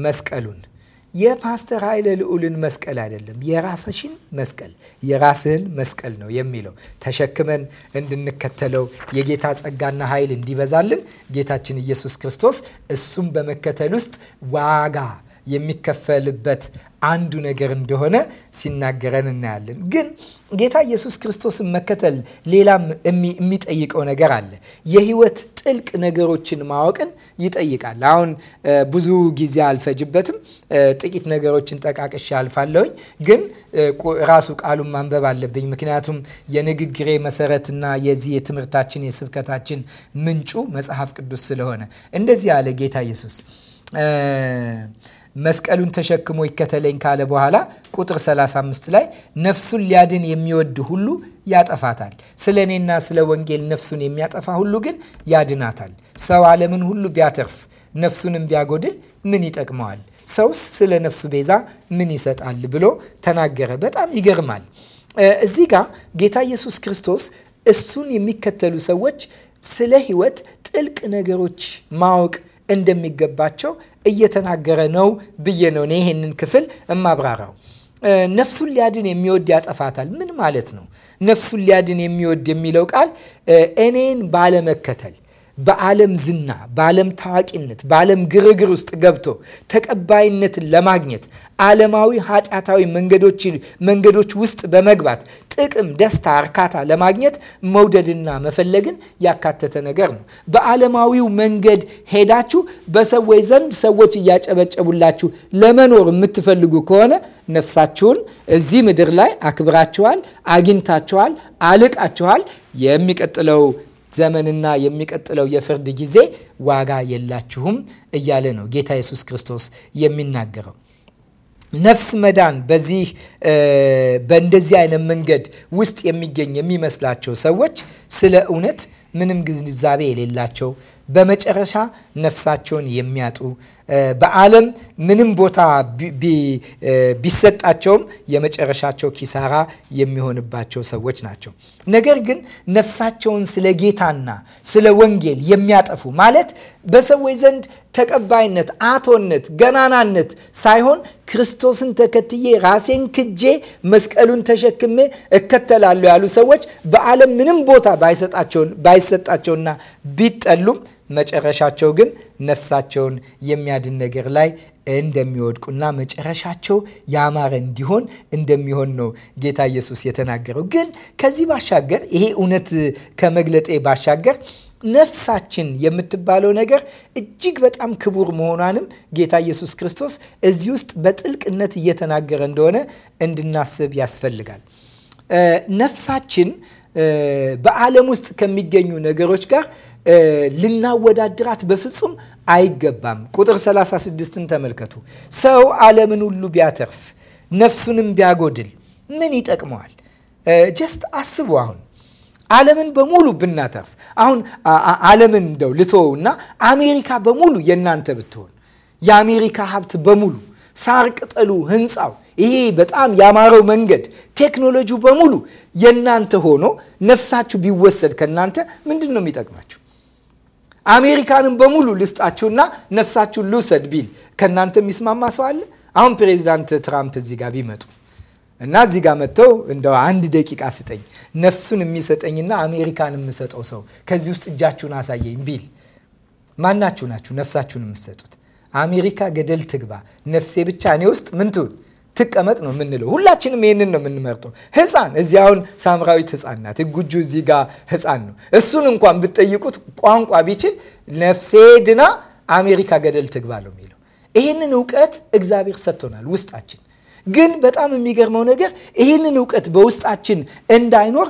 መስቀሉን የፓስተር ኃይለ ልዑልን መስቀል አይደለም የራስሽን መስቀል የራስህን መስቀል ነው የሚለው። ተሸክመን እንድንከተለው የጌታ ጸጋና ኃይል እንዲበዛልን ጌታችን ኢየሱስ ክርስቶስ እሱም በመከተል ውስጥ ዋጋ የሚከፈልበት አንዱ ነገር እንደሆነ ሲናገረን እናያለን። ግን ጌታ ኢየሱስ ክርስቶስን መከተል ሌላም የሚጠይቀው ነገር አለ። የህይወት ጥልቅ ነገሮችን ማወቅን ይጠይቃል። አሁን ብዙ ጊዜ አልፈጅበትም፣ ጥቂት ነገሮችን ጠቃቅሼ አልፋለሁኝ። ግን ራሱ ቃሉን ማንበብ አለብኝ። ምክንያቱም የንግግሬ መሰረትና የዚህ የትምህርታችን የስብከታችን ምንጩ መጽሐፍ ቅዱስ ስለሆነ እንደዚህ አለ ጌታ ኢየሱስ መስቀሉን ተሸክሞ ይከተለኝ ካለ በኋላ ቁጥር 35 ላይ ነፍሱን ሊያድን የሚወድ ሁሉ ያጠፋታል፣ ስለ እኔና ስለ ወንጌል ነፍሱን የሚያጠፋ ሁሉ ግን ያድናታል። ሰው ዓለምን ሁሉ ቢያተርፍ ነፍሱንም ቢያጎድል ምን ይጠቅመዋል? ሰውስ ስለ ነፍሱ ቤዛ ምን ይሰጣል? ብሎ ተናገረ። በጣም ይገርማል። እዚህ ጋር ጌታ ኢየሱስ ክርስቶስ እሱን የሚከተሉ ሰዎች ስለ ሕይወት ጥልቅ ነገሮች ማወቅ እንደሚገባቸው እየተናገረ ነው ብዬ ነው ይህንን ክፍል እማብራራው። ነፍሱን ሊያድን የሚወድ ያጠፋታል። ምን ማለት ነው? ነፍሱን ሊያድን የሚወድ የሚለው ቃል እኔን ባለመከተል በዓለም ዝና፣ በዓለም ታዋቂነት፣ በዓለም ግርግር ውስጥ ገብቶ ተቀባይነትን ለማግኘት ዓለማዊ ኃጢአታዊ መንገዶች ውስጥ በመግባት ጥቅም፣ ደስታ፣ እርካታ ለማግኘት መውደድና መፈለግን ያካተተ ነገር ነው። በዓለማዊው መንገድ ሄዳችሁ በሰዎች ዘንድ ሰዎች እያጨበጨቡላችሁ ለመኖር የምትፈልጉ ከሆነ ነፍሳችሁን እዚህ ምድር ላይ አክብራችኋል፣ አግኝታችኋል፣ አልቃችኋል። የሚቀጥለው ዘመንና የሚቀጥለው የፍርድ ጊዜ ዋጋ የላችሁም እያለ ነው ጌታ ኢየሱስ ክርስቶስ የሚናገረው። ነፍስ መዳን በዚህ በእንደዚህ አይነት መንገድ ውስጥ የሚገኝ የሚመስላቸው ሰዎች ስለ እውነት ምንም ግንዛቤ የሌላቸው በመጨረሻ ነፍሳቸውን የሚያጡ በዓለም ምንም ቦታ ቢሰጣቸውም የመጨረሻቸው ኪሳራ የሚሆንባቸው ሰዎች ናቸው። ነገር ግን ነፍሳቸውን ስለ ጌታና ስለ ወንጌል የሚያጠፉ ማለት በሰዎች ዘንድ ተቀባይነት፣ አቶነት፣ ገናናነት ሳይሆን ክርስቶስን ተከትዬ ራሴን ክጄ መስቀሉን ተሸክሜ እከተላለሁ ያሉ ሰዎች በዓለም ምንም ቦታ ባይሰጣቸውና ቢጠሉም መጨረሻቸው ግን ነፍሳቸውን የሚያድን ነገር ላይ እንደሚወድቁና መጨረሻቸው ያማረ እንዲሆን እንደሚሆን ነው ጌታ ኢየሱስ የተናገረው። ግን ከዚህ ባሻገር ይሄ እውነት ከመግለጤ ባሻገር ነፍሳችን የምትባለው ነገር እጅግ በጣም ክቡር መሆኗንም ጌታ ኢየሱስ ክርስቶስ እዚህ ውስጥ በጥልቅነት እየተናገረ እንደሆነ እንድናስብ ያስፈልጋል። ነፍሳችን በዓለም ውስጥ ከሚገኙ ነገሮች ጋር ልናወዳድራት በፍጹም አይገባም። ቁጥር 36ን ተመልከቱ። ሰው ዓለምን ሁሉ ቢያተርፍ ነፍሱንም ቢያጎድል ምን ይጠቅመዋል? ጀስት አስቡ። አሁን ዓለምን በሙሉ ብናተርፍ አሁን ዓለምን እንደው ልትወው እና አሜሪካ በሙሉ የእናንተ ብትሆን የአሜሪካ ሀብት በሙሉ ሳር ቅጠሉ፣ ህንፃው፣ ይሄ በጣም ያማረው መንገድ፣ ቴክኖሎጂው በሙሉ የእናንተ ሆኖ ነፍሳችሁ ቢወሰድ ከእናንተ ምንድን ነው የሚጠቅማችሁ? አሜሪካንን በሙሉ ልስጣችሁና ነፍሳችሁን ልውሰድ ቢል ከእናንተ የሚስማማ ሰው አለ? አሁን ፕሬዚዳንት ትራምፕ እዚህ ጋር ቢመጡ እና እዚህ ጋር መጥተው እንደ አንድ ደቂቃ ስጠኝ ነፍሱን የሚሰጠኝና አሜሪካን የምሰጠው ሰው ከዚህ ውስጥ እጃችሁን አሳየኝ ቢል ማናችሁ ናችሁ ነፍሳችሁን የምትሰጡት? አሜሪካ ገደል ትግባ፣ ነፍሴ ብቻ እኔ ውስጥ ምን ትሁን ትቀመጥ ነው የምንለው። ሁላችንም ይህንን ነው የምንመርጠው። ህፃን እዚያውን ሳምራዊት ህፃን ናት፣ እጉጁ እዚህ ጋር ህፃን ነው። እሱን እንኳን ብትጠይቁት ቋንቋ ቢችል ነፍሴ ድና አሜሪካ ገደል ትግባ ነው የሚለው። ይህንን እውቀት እግዚአብሔር ሰጥቶናል ውስጣችን ግን በጣም የሚገርመው ነገር ይህንን እውቀት በውስጣችን እንዳይኖር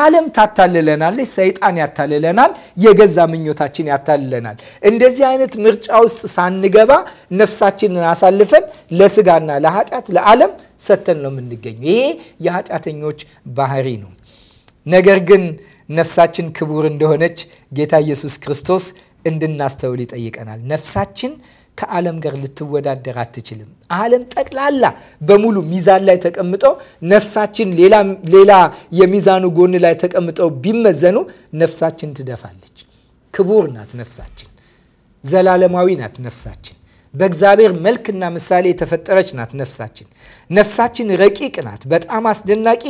ዓለም ታታልለናለች፣ ሰይጣን ያታልለናል፣ የገዛ ምኞታችን ያታልለናል። እንደዚህ አይነት ምርጫ ውስጥ ሳንገባ ነፍሳችንን አሳልፈን ለስጋና ለኃጢአት ለዓለም ሰተን ነው የምንገኘው። ይሄ የኃጢአተኞች ባህሪ ነው። ነገር ግን ነፍሳችን ክቡር እንደሆነች ጌታ ኢየሱስ ክርስቶስ እንድናስተውል ይጠይቀናል። ነፍሳችን ከዓለም ጋር ልትወዳደር አትችልም። ዓለም ጠቅላላ በሙሉ ሚዛን ላይ ተቀምጠው ነፍሳችን ሌላ የሚዛኑ ጎን ላይ ተቀምጠው ቢመዘኑ ነፍሳችን ትደፋለች። ክቡር ናት ነፍሳችን፣ ዘላለማዊ ናት ነፍሳችን በእግዚአብሔር መልክና ምሳሌ የተፈጠረች ናት ነፍሳችን። ነፍሳችን ረቂቅ ናት። በጣም አስደናቂ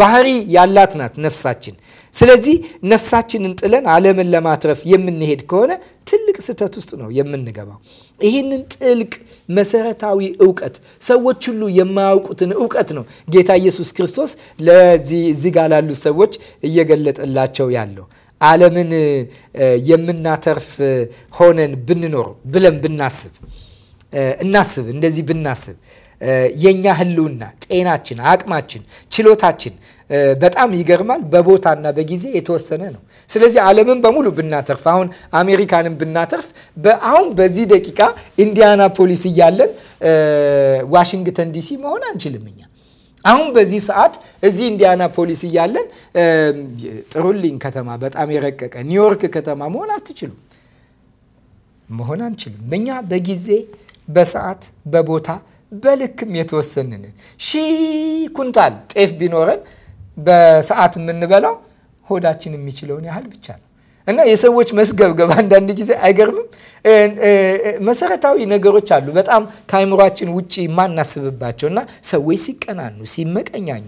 ባህሪ ያላት ናት ነፍሳችን። ስለዚህ ነፍሳችንን ጥለን ዓለምን ለማትረፍ የምንሄድ ከሆነ ትልቅ ስህተት ውስጥ ነው የምንገባው። ይህንን ጥልቅ መሰረታዊ እውቀት ሰዎች ሁሉ የማያውቁትን እውቀት ነው ጌታ ኢየሱስ ክርስቶስ ለዚህ እዚህ ጋር ላሉት ሰዎች እየገለጠላቸው ያለው ዓለምን የምናተርፍ ሆነን ብንኖር ብለን ብናስብ እናስብ እንደዚህ ብናስብ የእኛ ህልውና፣ ጤናችን፣ አቅማችን፣ ችሎታችን በጣም ይገርማል። በቦታና በጊዜ የተወሰነ ነው። ስለዚህ ዓለምን በሙሉ ብናተርፍ፣ አሁን አሜሪካንን ብናተርፍ፣ አሁን በዚህ ደቂቃ ኢንዲያናፖሊስ እያለን ዋሽንግተን ዲሲ መሆን አንችልም እኛ አሁን በዚህ ሰዓት እዚህ ፖሊስ እያለን ጥሩልኝ ከተማ በጣም የረቀቀ ኒውዮርክ ከተማ መሆን አትችሉም፣ መሆን አንችልም። እኛ በጊዜ በሰዓት በቦታ በልክም የተወሰንን ሺህ ኩንታል ጤፍ ቢኖረን በሰዓት የምንበላው ሆዳችን የሚችለውን ያህል ብቻ ነው። እና የሰዎች መስገብገብ አንዳንድ ጊዜ አይገርምም? መሰረታዊ ነገሮች አሉ በጣም ከአይምሯችን ውጭ የማናስብባቸው እና ሰዎች ሲቀናኑ፣ ሲመቀኛኙ፣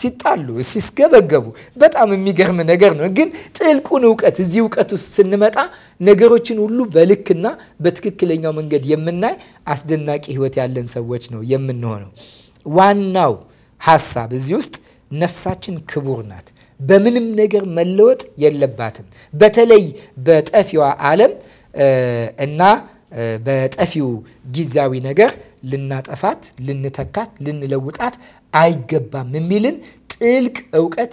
ሲጣሉ፣ ሲስገበገቡ በጣም የሚገርም ነገር ነው። ግን ጥልቁን እውቀት እዚህ እውቀት ውስጥ ስንመጣ ነገሮችን ሁሉ በልክና በትክክለኛው መንገድ የምናይ አስደናቂ ሕይወት ያለን ሰዎች ነው የምንሆነው። ዋናው ሀሳብ እዚህ ውስጥ ነፍሳችን ክቡር ናት። በምንም ነገር መለወጥ የለባትም። በተለይ በጠፊዋ ዓለም እና በጠፊው ጊዜያዊ ነገር ልናጠፋት፣ ልንተካት፣ ልንለውጣት አይገባም የሚልን ጥልቅ እውቀት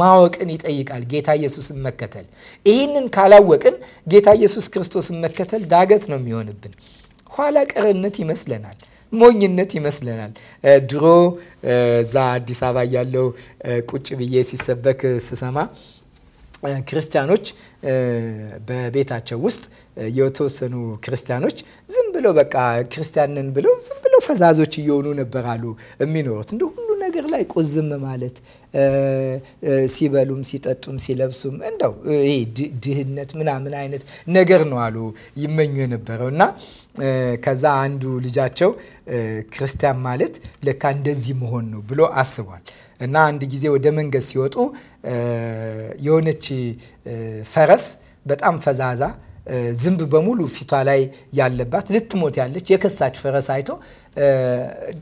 ማወቅን ይጠይቃል። ጌታ ኢየሱስን መከተል ይህንን ካላወቅን ጌታ ኢየሱስ ክርስቶስን መከተል ዳገት ነው የሚሆንብን። ኋላ ቀርነት ይመስለናል። ሞኝነት ይመስለናል። ድሮ እዛ አዲስ አበባ ያለው ቁጭ ብዬ ሲሰበክ ስሰማ ክርስቲያኖች በቤታቸው ውስጥ የተወሰኑ ክርስቲያኖች ዝም ብለው በቃ ክርስቲያንን ብለው ዝም ብለው ፈዛዞች እየሆኑ ነበራሉ የሚኖሩት እንደ ሁሉ ነገር ላይ ቁዝም ማለት ሲበሉም ሲጠጡም ሲለብሱም እንደው ይሄ ድህነት ምናምን አይነት ነገር ነው አሉ ይመኙ የነበረው እና ከዛ አንዱ ልጃቸው ክርስቲያን ማለት ለካ እንደዚህ መሆን ነው ብሎ አስቧል። እና አንድ ጊዜ ወደ መንገድ ሲወጡ የሆነች ፈረስ በጣም ፈዛዛ ዝንብ በሙሉ ፊቷ ላይ ያለባት ልትሞት ያለች የከሳች ፈረስ አይቶ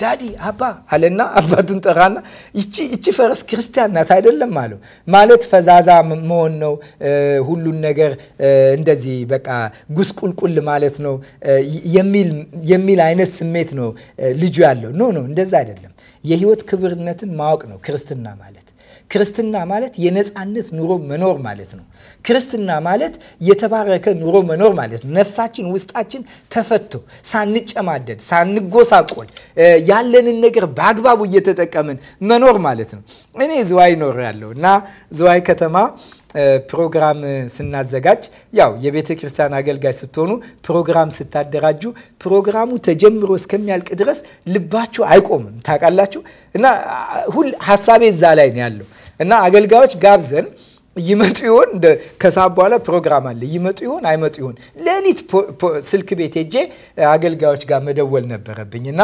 ዳዲ አባ አለና አባቱን ጠራና ይቺ ይቺ ፈረስ ክርስቲያን ናት አይደለም አለው። ማለት ፈዛዛ መሆን ነው፣ ሁሉን ነገር እንደዚህ በቃ ጉስቁልቁል ማለት ነው የሚል አይነት ስሜት ነው ልጁ ያለው። ኖ ኖ እንደዛ አይደለም። የህይወት ክብርነትን ማወቅ ነው ክርስትና ማለት ክርስትና ማለት የነፃነት ኑሮ መኖር ማለት ነው። ክርስትና ማለት የተባረከ ኑሮ መኖር ማለት ነው። ነፍሳችን፣ ውስጣችን ተፈቶ ሳንጨማደድ፣ ሳንጎሳቆል ያለንን ነገር በአግባቡ እየተጠቀምን መኖር ማለት ነው። እኔ ዝዋይ ኖር ያለው እና ዝዋይ ከተማ ፕሮግራም ስናዘጋጅ ያው የቤተ ክርስቲያን አገልጋይ ስትሆኑ ፕሮግራም ስታደራጁ ፕሮግራሙ ተጀምሮ እስከሚያልቅ ድረስ ልባችሁ አይቆምም። ታውቃላችሁ እና ሁል ሀሳቤ እዛ ላይ ነው ያለው። እና አገልጋዮች ጋብዘን ይመጡ ይሆን ከሰዓት በኋላ ፕሮግራም አለ። ይመጡ ይሆን አይመጡ ይሆን? ሌሊት ስልክ ቤት ሄጄ አገልጋዮች ጋር መደወል ነበረብኝ እና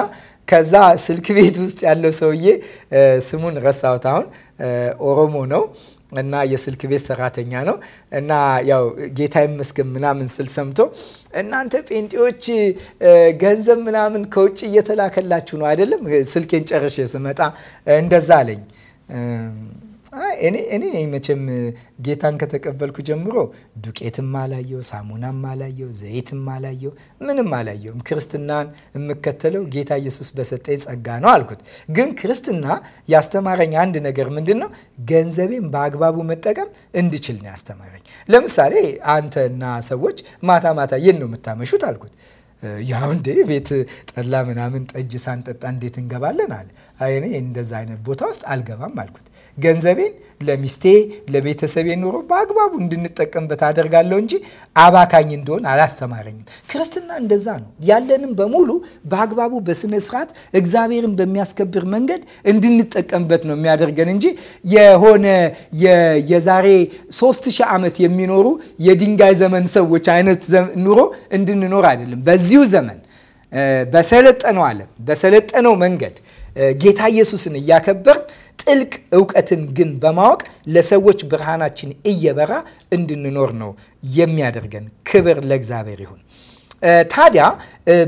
ከዛ ስልክ ቤት ውስጥ ያለው ሰውዬ ስሙን ረሳሁት፣ አሁን ኦሮሞ ነው እና የስልክ ቤት ሰራተኛ ነው እና ያው ጌታ ይመስገን ምናምን ስል ሰምቶ እናንተ ጴንጤዎች ገንዘብ ምናምን ከውጭ እየተላከላችሁ ነው አይደለም? ስልኬን ጨርሼ ስመጣ እንደዛ አለኝ። እኔ እኔ መቼም ጌታን ከተቀበልኩ ጀምሮ ዱቄትም አላየው፣ ሳሙናም አላየው፣ ዘይትም አላየው፣ ምንም አላየውም። ክርስትናን የምከተለው ጌታ ኢየሱስ በሰጠኝ ጸጋ ነው አልኩት። ግን ክርስትና ያስተማረኝ አንድ ነገር ምንድን ነው? ገንዘቤን በአግባቡ መጠቀም እንድችል ነው ያስተማረኝ። ለምሳሌ አንተና ሰዎች ማታ ማታ የት ነው የምታመሹት አልኩት። ያሁን ዴ ቤት ጠላ ምናምን ጠጅ ሳንጠጣ እንዴት እንገባለን? አለ። እኔ እንደዛ አይነት ቦታ ውስጥ አልገባም አልኩት። ገንዘቤን ለሚስቴ ለቤተሰቤ ኑሮ በአግባቡ እንድንጠቀምበት አደርጋለሁ እንጂ አባካኝ እንደሆን አላስተማረኝም። ክርስትና እንደዛ ነው። ያለንም በሙሉ በአግባቡ በስነ ስርዓት እግዚአብሔርን በሚያስከብር መንገድ እንድንጠቀምበት ነው የሚያደርገን እንጂ የሆነ የዛሬ ሶስት ሺህ ዓመት የሚኖሩ የድንጋይ ዘመን ሰዎች አይነት ኑሮ እንድንኖር አይደለም በዚህ በዚሁ ዘመን በሰለጠነው ዓለም በሰለጠነው መንገድ ጌታ ኢየሱስን እያከበርን ጥልቅ እውቀትን ግን በማወቅ ለሰዎች ብርሃናችን እየበራ እንድንኖር ነው የሚያደርገን። ክብር ለእግዚአብሔር ይሁን። ታዲያ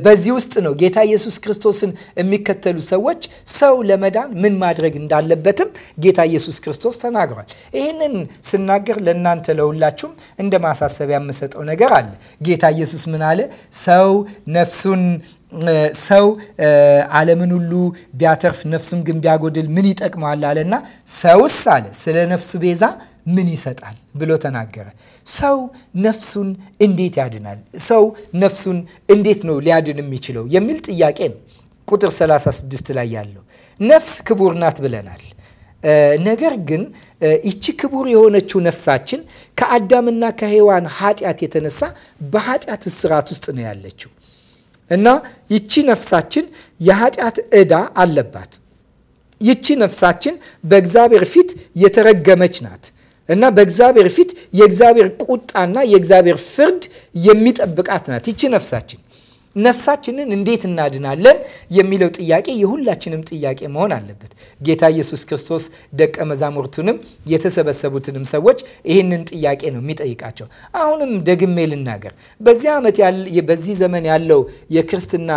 በዚህ ውስጥ ነው ጌታ ኢየሱስ ክርስቶስን የሚከተሉ ሰዎች ሰው ለመዳን ምን ማድረግ እንዳለበትም ጌታ ኢየሱስ ክርስቶስ ተናግሯል። ይህንን ስናገር ለእናንተ ለሁላችሁም እንደ ማሳሰቢያ የምሰጠው ነገር አለ። ጌታ ኢየሱስ ምን አለ? ሰው ነፍሱን ሰው ዓለምን ሁሉ ቢያተርፍ ነፍሱን ግን ቢያጎድል ምን ይጠቅመዋል? አለና ሰውስ አለ ስለ ነፍሱ ቤዛ ምን ይሰጣል ብሎ ተናገረ። ሰው ነፍሱን እንዴት ያድናል? ሰው ነፍሱን እንዴት ነው ሊያድን የሚችለው የሚል ጥያቄ ነው። ቁጥር 36 ላይ ያለው ነፍስ ክቡር ናት ብለናል። ነገር ግን ይቺ ክቡር የሆነችው ነፍሳችን ከአዳምና ከሔዋን ኃጢአት የተነሳ በኃጢአት እስራት ውስጥ ነው ያለችው እና ይቺ ነፍሳችን የኃጢአት ዕዳ አለባት። ይቺ ነፍሳችን በእግዚአብሔር ፊት የተረገመች ናት። እና በእግዚአብሔር ፊት የእግዚአብሔር ቁጣና የእግዚአብሔር ፍርድ የሚጠብቃት ናት ይቺ ነፍሳችን። ነፍሳችንን እንዴት እናድናለን የሚለው ጥያቄ የሁላችንም ጥያቄ መሆን አለበት። ጌታ ኢየሱስ ክርስቶስ ደቀ መዛሙርቱንም የተሰበሰቡትንም ሰዎች ይህንን ጥያቄ ነው የሚጠይቃቸው። አሁንም ደግሜ ልናገር፣ በዚህ ዓመት በዚህ ዘመን ያለው የክርስትና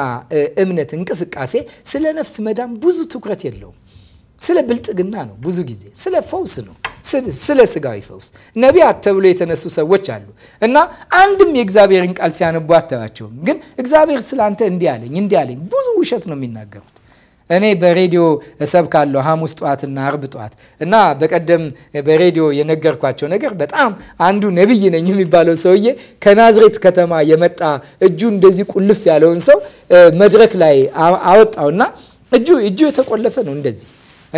እምነት እንቅስቃሴ ስለ ነፍስ መዳን ብዙ ትኩረት የለውም። ስለ ብልጥግና ነው፣ ብዙ ጊዜ ስለ ፈውስ ነው ስለ ስጋዊ ፈውስ ነቢያት ተብሎ የተነሱ ሰዎች አሉ እና አንድም የእግዚአብሔርን ቃል ሲያነቡ አታያቸውም። ግን እግዚአብሔር ስለ አንተ እንዲህ አለኝ እንዲህ አለኝ ብዙ ውሸት ነው የሚናገሩት። እኔ በሬዲዮ እሰብካለሁ ሐሙስ ጠዋትና አርብ ጠዋት እና በቀደም በሬዲዮ የነገርኳቸው ነገር በጣም አንዱ ነቢይ ነኝ የሚባለው ሰውዬ ከናዝሬት ከተማ የመጣ እጁ እንደዚህ ቁልፍ ያለውን ሰው መድረክ ላይ አወጣውና እጁ እጁ የተቆለፈ ነው እንደዚህ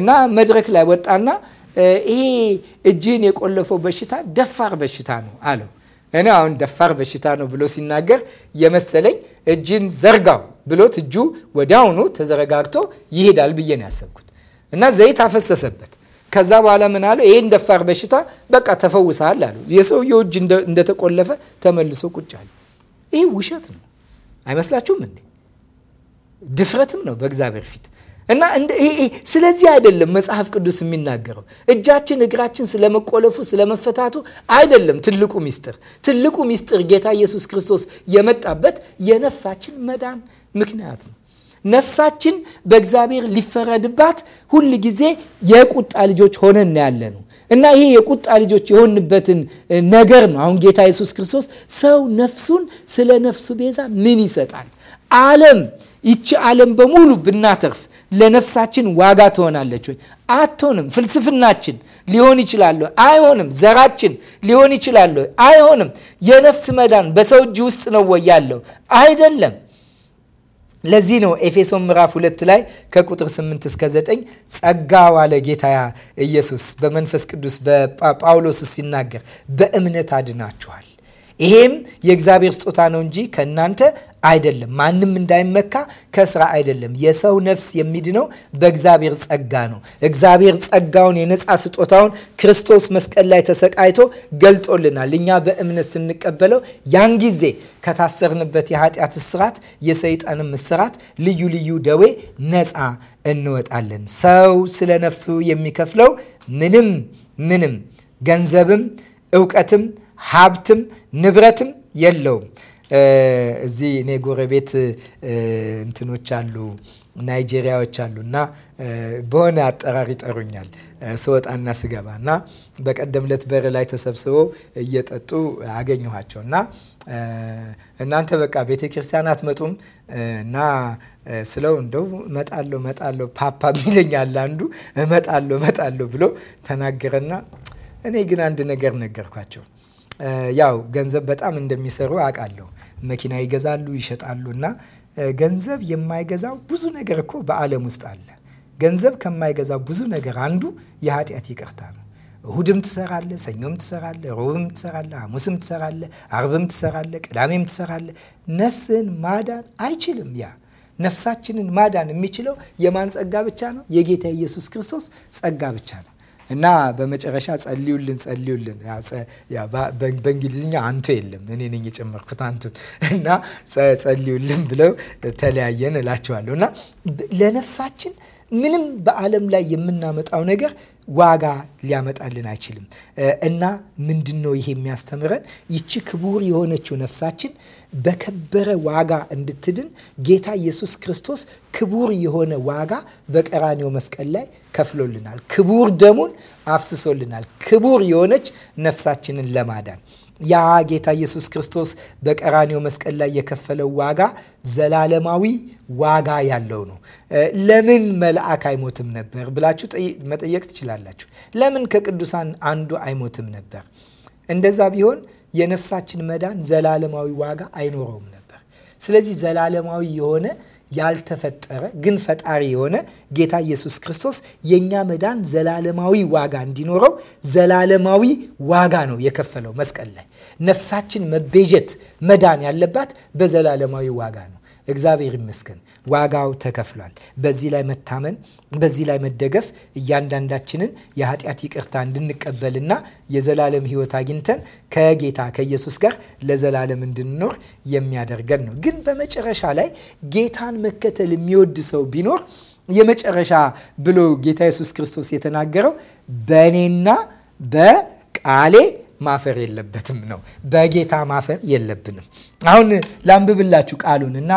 እና መድረክ ላይ ወጣና ይሄ እጅን የቆለፈው በሽታ ደፋር በሽታ ነው አለው። እኔ አሁን ደፋር በሽታ ነው ብሎ ሲናገር የመሰለኝ እጅን ዘርጋው ብሎት እጁ ወዲያውኑ ተዘረጋግቶ ይሄዳል ብዬ ነው ያሰብኩት እና ዘይት አፈሰሰበት። ከዛ በኋላ ምን አለው? ይህን ደፋር በሽታ በቃ ተፈውሰሃል አሉ። የሰውየው እጅ እንደተቆለፈ ተመልሶ ቁጭ አለ። ይህ ውሸት ነው አይመስላችሁም እንዴ? ድፍረትም ነው በእግዚአብሔር ፊት እና ስለዚህ አይደለም መጽሐፍ ቅዱስ የሚናገረው እጃችን እግራችን ስለመቆለፉ ስለመፈታቱ አይደለም። ትልቁ ሚስጥር ትልቁ ሚስጥር ጌታ ኢየሱስ ክርስቶስ የመጣበት የነፍሳችን መዳን ምክንያት ነው። ነፍሳችን በእግዚአብሔር ሊፈረድባት ሁል ጊዜ የቁጣ ልጆች ሆነን ያለ ነው እና ይሄ የቁጣ ልጆች የሆንበትን ነገር ነው አሁን ጌታ ኢየሱስ ክርስቶስ ሰው ነፍሱን ስለ ነፍሱ ቤዛ ምን ይሰጣል ዓለም ይቺ ዓለም በሙሉ ብናተርፍ ለነፍሳችን ዋጋ ትሆናለች ወይ? አትሆንም። ፍልስፍናችን ሊሆን ይችላል፣ አይሆንም። ዘራችን ሊሆን ይችላል፣ አይሆንም። የነፍስ መዳን በሰው እጅ ውስጥ ነው ወይ ያለው? አይደለም። ለዚህ ነው ኤፌሶን ምዕራፍ ሁለት ላይ ከቁጥር 8 እስከ 9 ጸጋ ዋለ ጌታ ኢየሱስ በመንፈስ ቅዱስ በጳውሎስ ሲናገር በእምነት አድናችኋል ይሄም የእግዚአብሔር ስጦታ ነው እንጂ ከእናንተ አይደለም፣ ማንም እንዳይመካ ከስራ አይደለም። የሰው ነፍስ የሚድነው በእግዚአብሔር ጸጋ ነው። እግዚአብሔር ጸጋውን የነፃ ስጦታውን ክርስቶስ መስቀል ላይ ተሰቃይቶ ገልጦልናል። እኛ በእምነት ስንቀበለው ያን ጊዜ ከታሰርንበት የኃጢአት እስራት፣ የሰይጣንም እስራት፣ ልዩ ልዩ ደዌ ነፃ እንወጣለን። ሰው ስለ ነፍሱ የሚከፍለው ምንም ምንም ገንዘብም እውቀትም ሀብትም ንብረትም የለውም። እዚህ እኔ ጎረቤት እንትኖች አሉ ናይጄሪያዎች አሉ እና በሆነ አጠራር ይጠሩኛል ስወጣና ስገባ እና በቀደም በር ላይ ተሰብስበው እየጠጡ አገኘኋቸው እና እናንተ በቃ ቤተ ክርስቲያን አትመጡም እና ስለው እንደው መጣለሁ መጣለሁ ፓፓ ሚለኛል አንዱ እመጣለሁ እመጣለሁ ብሎ ተናገረና እኔ ግን አንድ ነገር ነገርኳቸው ያው ገንዘብ በጣም እንደሚሰሩ አውቃለሁ። መኪና ይገዛሉ ይሸጣሉ እና ገንዘብ የማይገዛው ብዙ ነገር እኮ በአለም ውስጥ አለ። ገንዘብ ከማይገዛው ብዙ ነገር አንዱ የኃጢአት ይቅርታ ነው። እሁድም ትሰራለ፣ ሰኞም ትሰራለ፣ ሮብም ትሰራለ ሐሙስም ትሰራለ አርብም ትሰራለ ቅዳሜም ትሰራለ ነፍስን ማዳን አይችልም። ያ ነፍሳችንን ማዳን የሚችለው የማን ጸጋ ብቻ ነው? የጌታ ኢየሱስ ክርስቶስ ጸጋ ብቻ ነው። እና በመጨረሻ ጸልዩልን ጸልዩልን፣ በእንግሊዝኛ አንቱ የለም እኔ ነኝ የጨመርኩት አንቱን እና ጸልዩልን ብለው ተለያየን እላቸዋለሁ። እና ለነፍሳችን ምንም በዓለም ላይ የምናመጣው ነገር ዋጋ ሊያመጣልን አይችልም። እና ምንድን ነው ይሄ የሚያስተምረን? ይቺ ክቡር የሆነችው ነፍሳችን በከበረ ዋጋ እንድትድን ጌታ ኢየሱስ ክርስቶስ ክቡር የሆነ ዋጋ በቀራኔው መስቀል ላይ ከፍሎልናል። ክቡር ደሙን አፍስሶልናል። ክቡር የሆነች ነፍሳችንን ለማዳን ያ ጌታ ኢየሱስ ክርስቶስ በቀራኔው መስቀል ላይ የከፈለው ዋጋ ዘላለማዊ ዋጋ ያለው ነው። ለምን መልአክ አይሞትም ነበር ብላችሁ መጠየቅ ትችላላችሁ። ለምን ከቅዱሳን አንዱ አይሞትም ነበር? እንደዛ ቢሆን የነፍሳችን መዳን ዘላለማዊ ዋጋ አይኖረውም ነበር። ስለዚህ ዘላለማዊ የሆነ ያልተፈጠረ ግን ፈጣሪ የሆነ ጌታ ኢየሱስ ክርስቶስ የእኛ መዳን ዘላለማዊ ዋጋ እንዲኖረው ዘላለማዊ ዋጋ ነው የከፈለው መስቀል ላይ። ነፍሳችን መቤዠት መዳን ያለባት በዘላለማዊ ዋጋ ነው። እግዚአብሔር ይመስገን። ዋጋው ተከፍሏል። በዚህ ላይ መታመን፣ በዚህ ላይ መደገፍ እያንዳንዳችንን የኃጢአት ይቅርታ እንድንቀበልና የዘላለም ሕይወት አግኝተን ከጌታ ከኢየሱስ ጋር ለዘላለም እንድንኖር የሚያደርገን ነው። ግን በመጨረሻ ላይ ጌታን መከተል የሚወድ ሰው ቢኖር የመጨረሻ ብሎ ጌታ ኢየሱስ ክርስቶስ የተናገረው በእኔና በቃሌ ማፈር የለበትም ነው። በጌታ ማፈር የለብንም። አሁን ላንብብላችሁ ቃሉን እና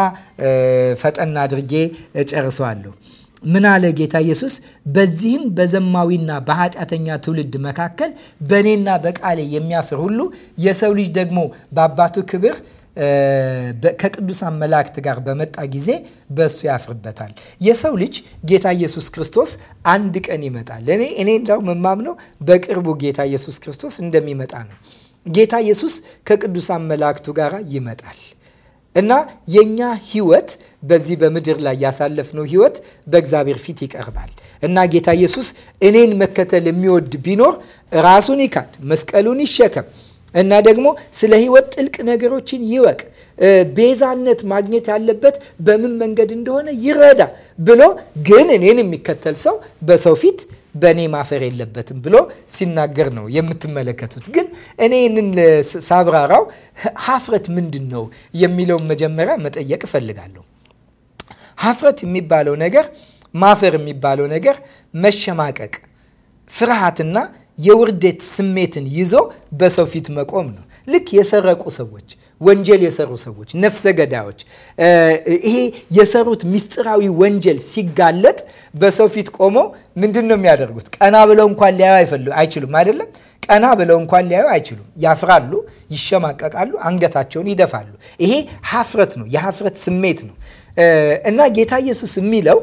ፈጠን አድርጌ እጨርሰዋለሁ። ምን አለ ጌታ ኢየሱስ? በዚህም በዘማዊና በኃጢአተኛ ትውልድ መካከል በእኔና በቃሌ የሚያፍር ሁሉ የሰው ልጅ ደግሞ በአባቱ ክብር ከቅዱሳን መላእክት ጋር በመጣ ጊዜ በእሱ ያፍርበታል። የሰው ልጅ ጌታ ኢየሱስ ክርስቶስ አንድ ቀን ይመጣል። እኔ እኔ እንዳው መማምነው በቅርቡ ጌታ ኢየሱስ ክርስቶስ እንደሚመጣ ነው። ጌታ ኢየሱስ ከቅዱሳን መላእክቱ ጋር ይመጣል እና የእኛ ህይወት በዚህ በምድር ላይ ያሳለፍነው ህይወት በእግዚአብሔር ፊት ይቀርባል እና ጌታ ኢየሱስ እኔን መከተል የሚወድ ቢኖር ራሱን ይካድ፣ መስቀሉን ይሸከም እና ደግሞ ስለ ህይወት ጥልቅ ነገሮችን ይወቅ፣ ቤዛነት ማግኘት ያለበት በምን መንገድ እንደሆነ ይረዳ ብሎ ግን እኔን የሚከተል ሰው በሰው ፊት በእኔ ማፈር የለበትም ብሎ ሲናገር ነው የምትመለከቱት። ግን እኔ ይህንን ሳብራራው ሀፍረት ምንድን ነው የሚለውን መጀመሪያ መጠየቅ እፈልጋለሁ። ሀፍረት የሚባለው ነገር ማፈር የሚባለው ነገር መሸማቀቅ፣ ፍርሃትና የውርደት ስሜትን ይዞ በሰው ፊት መቆም ነው። ልክ የሰረቁ ሰዎች፣ ወንጀል የሰሩ ሰዎች፣ ነፍሰ ገዳዮች፣ ይሄ የሰሩት ምስጢራዊ ወንጀል ሲጋለጥ በሰው ፊት ቆመው ምንድን ነው የሚያደርጉት? ቀና ብለው እንኳን ሊያዩ አይችሉም። አይደለም ቀና ብለው እንኳን ሊያዩ አይችሉም። ያፍራሉ፣ ይሸማቀቃሉ፣ አንገታቸውን ይደፋሉ። ይሄ ሀፍረት ነው፣ የሀፍረት ስሜት ነው እና ጌታ ኢየሱስ የሚለው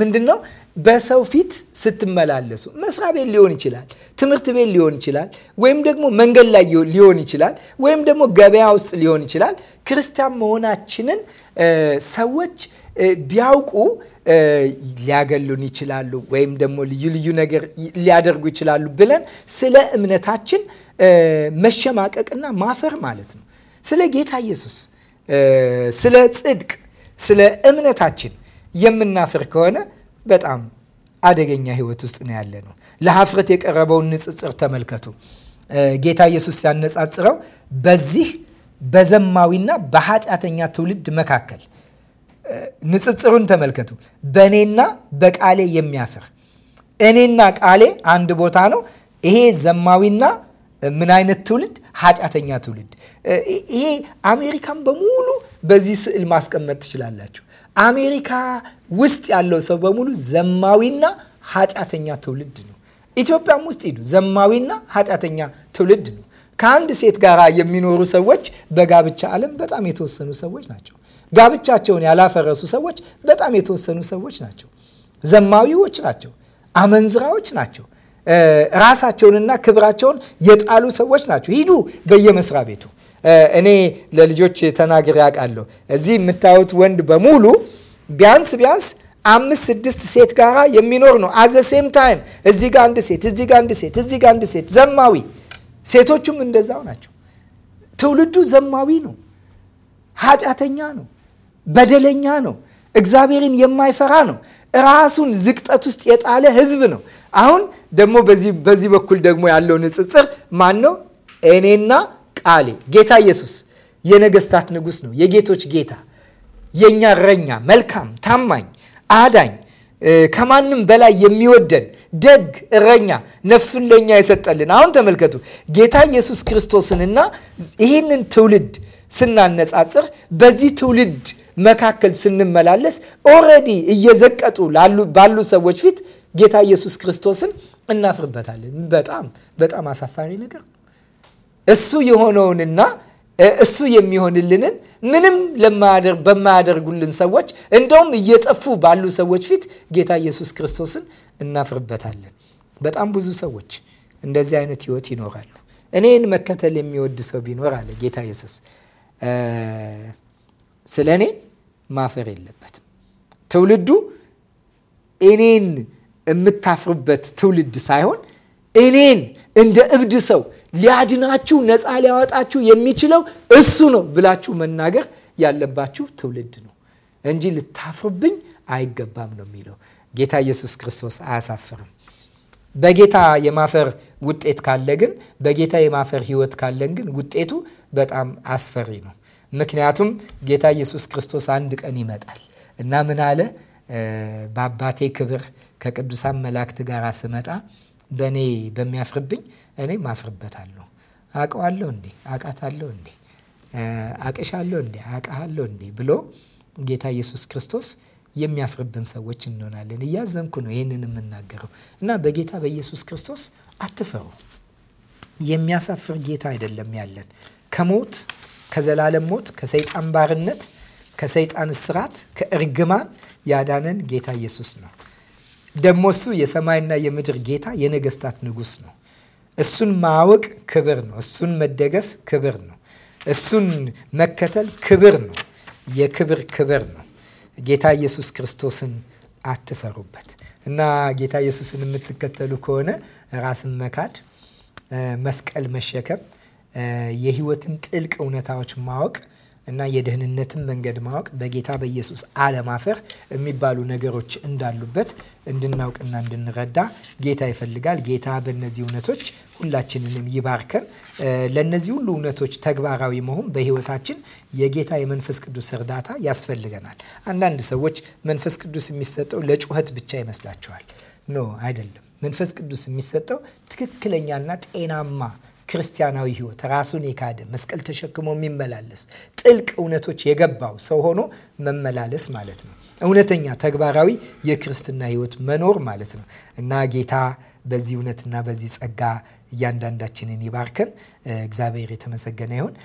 ምንድን ነው በሰው ፊት ስትመላለሱ መስሪያ ቤት ሊሆን ይችላል፣ ትምህርት ቤት ሊሆን ይችላል፣ ወይም ደግሞ መንገድ ላይ ሊሆን ይችላል፣ ወይም ደግሞ ገበያ ውስጥ ሊሆን ይችላል። ክርስቲያን መሆናችንን ሰዎች ቢያውቁ ሊያገሉን ይችላሉ፣ ወይም ደግሞ ልዩ ልዩ ነገር ሊያደርጉ ይችላሉ ብለን ስለ እምነታችን መሸማቀቅና ማፈር ማለት ነው። ስለ ጌታ ኢየሱስ፣ ስለ ጽድቅ፣ ስለ እምነታችን የምናፍር ከሆነ በጣም አደገኛ ህይወት ውስጥ ነው ያለ ነው። ለሀፍረት የቀረበውን ንጽጽር ተመልከቱ። ጌታ ኢየሱስ ሲያነጻጽረው በዚህ በዘማዊና በኃጢአተኛ ትውልድ መካከል ንጽጽሩን ተመልከቱ። በእኔና በቃሌ የሚያፍር እኔና ቃሌ አንድ ቦታ ነው። ይሄ ዘማዊና ምን አይነት ትውልድ? ኃጢአተኛ ትውልድ። ይሄ አሜሪካን በሙሉ በዚህ ስዕል ማስቀመጥ ትችላላችሁ። አሜሪካ ውስጥ ያለው ሰው በሙሉ ዘማዊና ኃጢአተኛ ትውልድ ነው። ኢትዮጵያም ውስጥ ሂዱ፣ ዘማዊና ኃጢአተኛ ትውልድ ነው። ከአንድ ሴት ጋር የሚኖሩ ሰዎች በጋብቻ ዓለም በጣም የተወሰኑ ሰዎች ናቸው። ጋብቻቸውን ያላፈረሱ ሰዎች በጣም የተወሰኑ ሰዎች ናቸው። ዘማዊዎች ናቸው። አመንዝራዎች ናቸው። ራሳቸውንና ክብራቸውን የጣሉ ሰዎች ናቸው። ሂዱ በየመስሪያ ቤቱ እኔ ለልጆች ተናግሬ አውቃለሁ። እዚህ የምታዩት ወንድ በሙሉ ቢያንስ ቢያንስ አምስት ስድስት ሴት ጋር የሚኖር ነው። አዘ ሴም ታይም እዚህ ጋር አንድ ሴት፣ እዚህ ጋር አንድ ሴት፣ እዚህ ጋር አንድ ሴት ዘማዊ። ሴቶቹም እንደዛው ናቸው። ትውልዱ ዘማዊ ነው። ኃጢአተኛ ነው። በደለኛ ነው። እግዚአብሔርን የማይፈራ ነው። ራሱን ዝቅጠት ውስጥ የጣለ ህዝብ ነው። አሁን ደግሞ በዚህ በኩል ደግሞ ያለው ንጽጽር ማን ነው? እኔና አሌ ጌታ ኢየሱስ የነገስታት ንጉስ ነው። የጌቶች ጌታ፣ የእኛ እረኛ፣ መልካም፣ ታማኝ፣ አዳኝ፣ ከማንም በላይ የሚወደን ደግ እረኛ፣ ነፍሱን ለእኛ የሰጠልን። አሁን ተመልከቱ ጌታ ኢየሱስ ክርስቶስንና ይህንን ትውልድ ስናነጻጽር በዚህ ትውልድ መካከል ስንመላለስ ኦልሬዲ እየዘቀጡ ባሉ ሰዎች ፊት ጌታ ኢየሱስ ክርስቶስን እናፍርበታለን። በጣም በጣም አሳፋሪ ነገር እሱ የሆነውንና እሱ የሚሆንልንን ምንም በማያደርጉልን ሰዎች እንደውም እየጠፉ ባሉ ሰዎች ፊት ጌታ ኢየሱስ ክርስቶስን እናፍርበታለን። በጣም ብዙ ሰዎች እንደዚህ አይነት ህይወት ይኖራሉ። እኔን መከተል የሚወድ ሰው ቢኖር አለ ጌታ ኢየሱስ፣ ስለ እኔ ማፈር የለበትም። ትውልዱ እኔን የምታፍርበት ትውልድ ሳይሆን እኔን እንደ እብድ ሰው ሊያድናችሁ ነፃ ሊያወጣችሁ የሚችለው እሱ ነው ብላችሁ መናገር ያለባችሁ ትውልድ ነው እንጂ ልታፍሩብኝ አይገባም ነው የሚለው። ጌታ ኢየሱስ ክርስቶስ አያሳፍርም። በጌታ የማፈር ውጤት ካለ ግን በጌታ የማፈር ህይወት ካለን ግን ውጤቱ በጣም አስፈሪ ነው። ምክንያቱም ጌታ ኢየሱስ ክርስቶስ አንድ ቀን ይመጣል እና ምን አለ? በአባቴ ክብር ከቅዱሳን መላእክት ጋር ስመጣ በእኔ በሚያፍርብኝ እኔም አፍርበታለሁ። አውቀዋለሁ እንዴ? አውቃታለሁ እንዴ? አቅሻለሁ እንዴ? አውቃሃለሁ እንዴ? ብሎ ጌታ ኢየሱስ ክርስቶስ የሚያፍርብን ሰዎች እንሆናለን። እያዘንኩ ነው ይህንን የምናገረው እና በጌታ በኢየሱስ ክርስቶስ አትፈሩ። የሚያሳፍር ጌታ አይደለም ያለን። ከሞት ከዘላለም ሞት፣ ከሰይጣን ባርነት፣ ከሰይጣን እስራት፣ ከእርግማን ያዳነን ጌታ ኢየሱስ ነው። ደግሞ እሱ የሰማይና የምድር ጌታ የነገስታት ንጉስ ነው። እሱን ማወቅ ክብር ነው። እሱን መደገፍ ክብር ነው። እሱን መከተል ክብር ነው። የክብር ክብር ነው። ጌታ ኢየሱስ ክርስቶስን አትፈሩበት እና ጌታ ኢየሱስን የምትከተሉ ከሆነ ራስን መካድ፣ መስቀል መሸከም፣ የህይወትን ጥልቅ እውነታዎች ማወቅ እና የደህንነትን መንገድ ማወቅ በጌታ በኢየሱስ አለማፈር የሚባሉ ነገሮች እንዳሉበት እንድናውቅና እንድንረዳ ጌታ ይፈልጋል። ጌታ በእነዚህ እውነቶች ሁላችንንም ይባርከን። ለእነዚህ ሁሉ እውነቶች ተግባራዊ መሆን በህይወታችን የጌታ የመንፈስ ቅዱስ እርዳታ ያስፈልገናል። አንዳንድ ሰዎች መንፈስ ቅዱስ የሚሰጠው ለጩኸት ብቻ ይመስላቸዋል። ኖ አይደለም። መንፈስ ቅዱስ የሚሰጠው ትክክለኛና ጤናማ ክርስቲያናዊ ህይወት ራሱን የካደ መስቀል ተሸክሞ የሚመላለስ ጥልቅ እውነቶች የገባው ሰው ሆኖ መመላለስ ማለት ነው። እውነተኛ ተግባራዊ የክርስትና ህይወት መኖር ማለት ነው እና ጌታ በዚህ እውነትና በዚህ ጸጋ እያንዳንዳችንን ይባርከን። እግዚአብሔር የተመሰገነ ይሁን።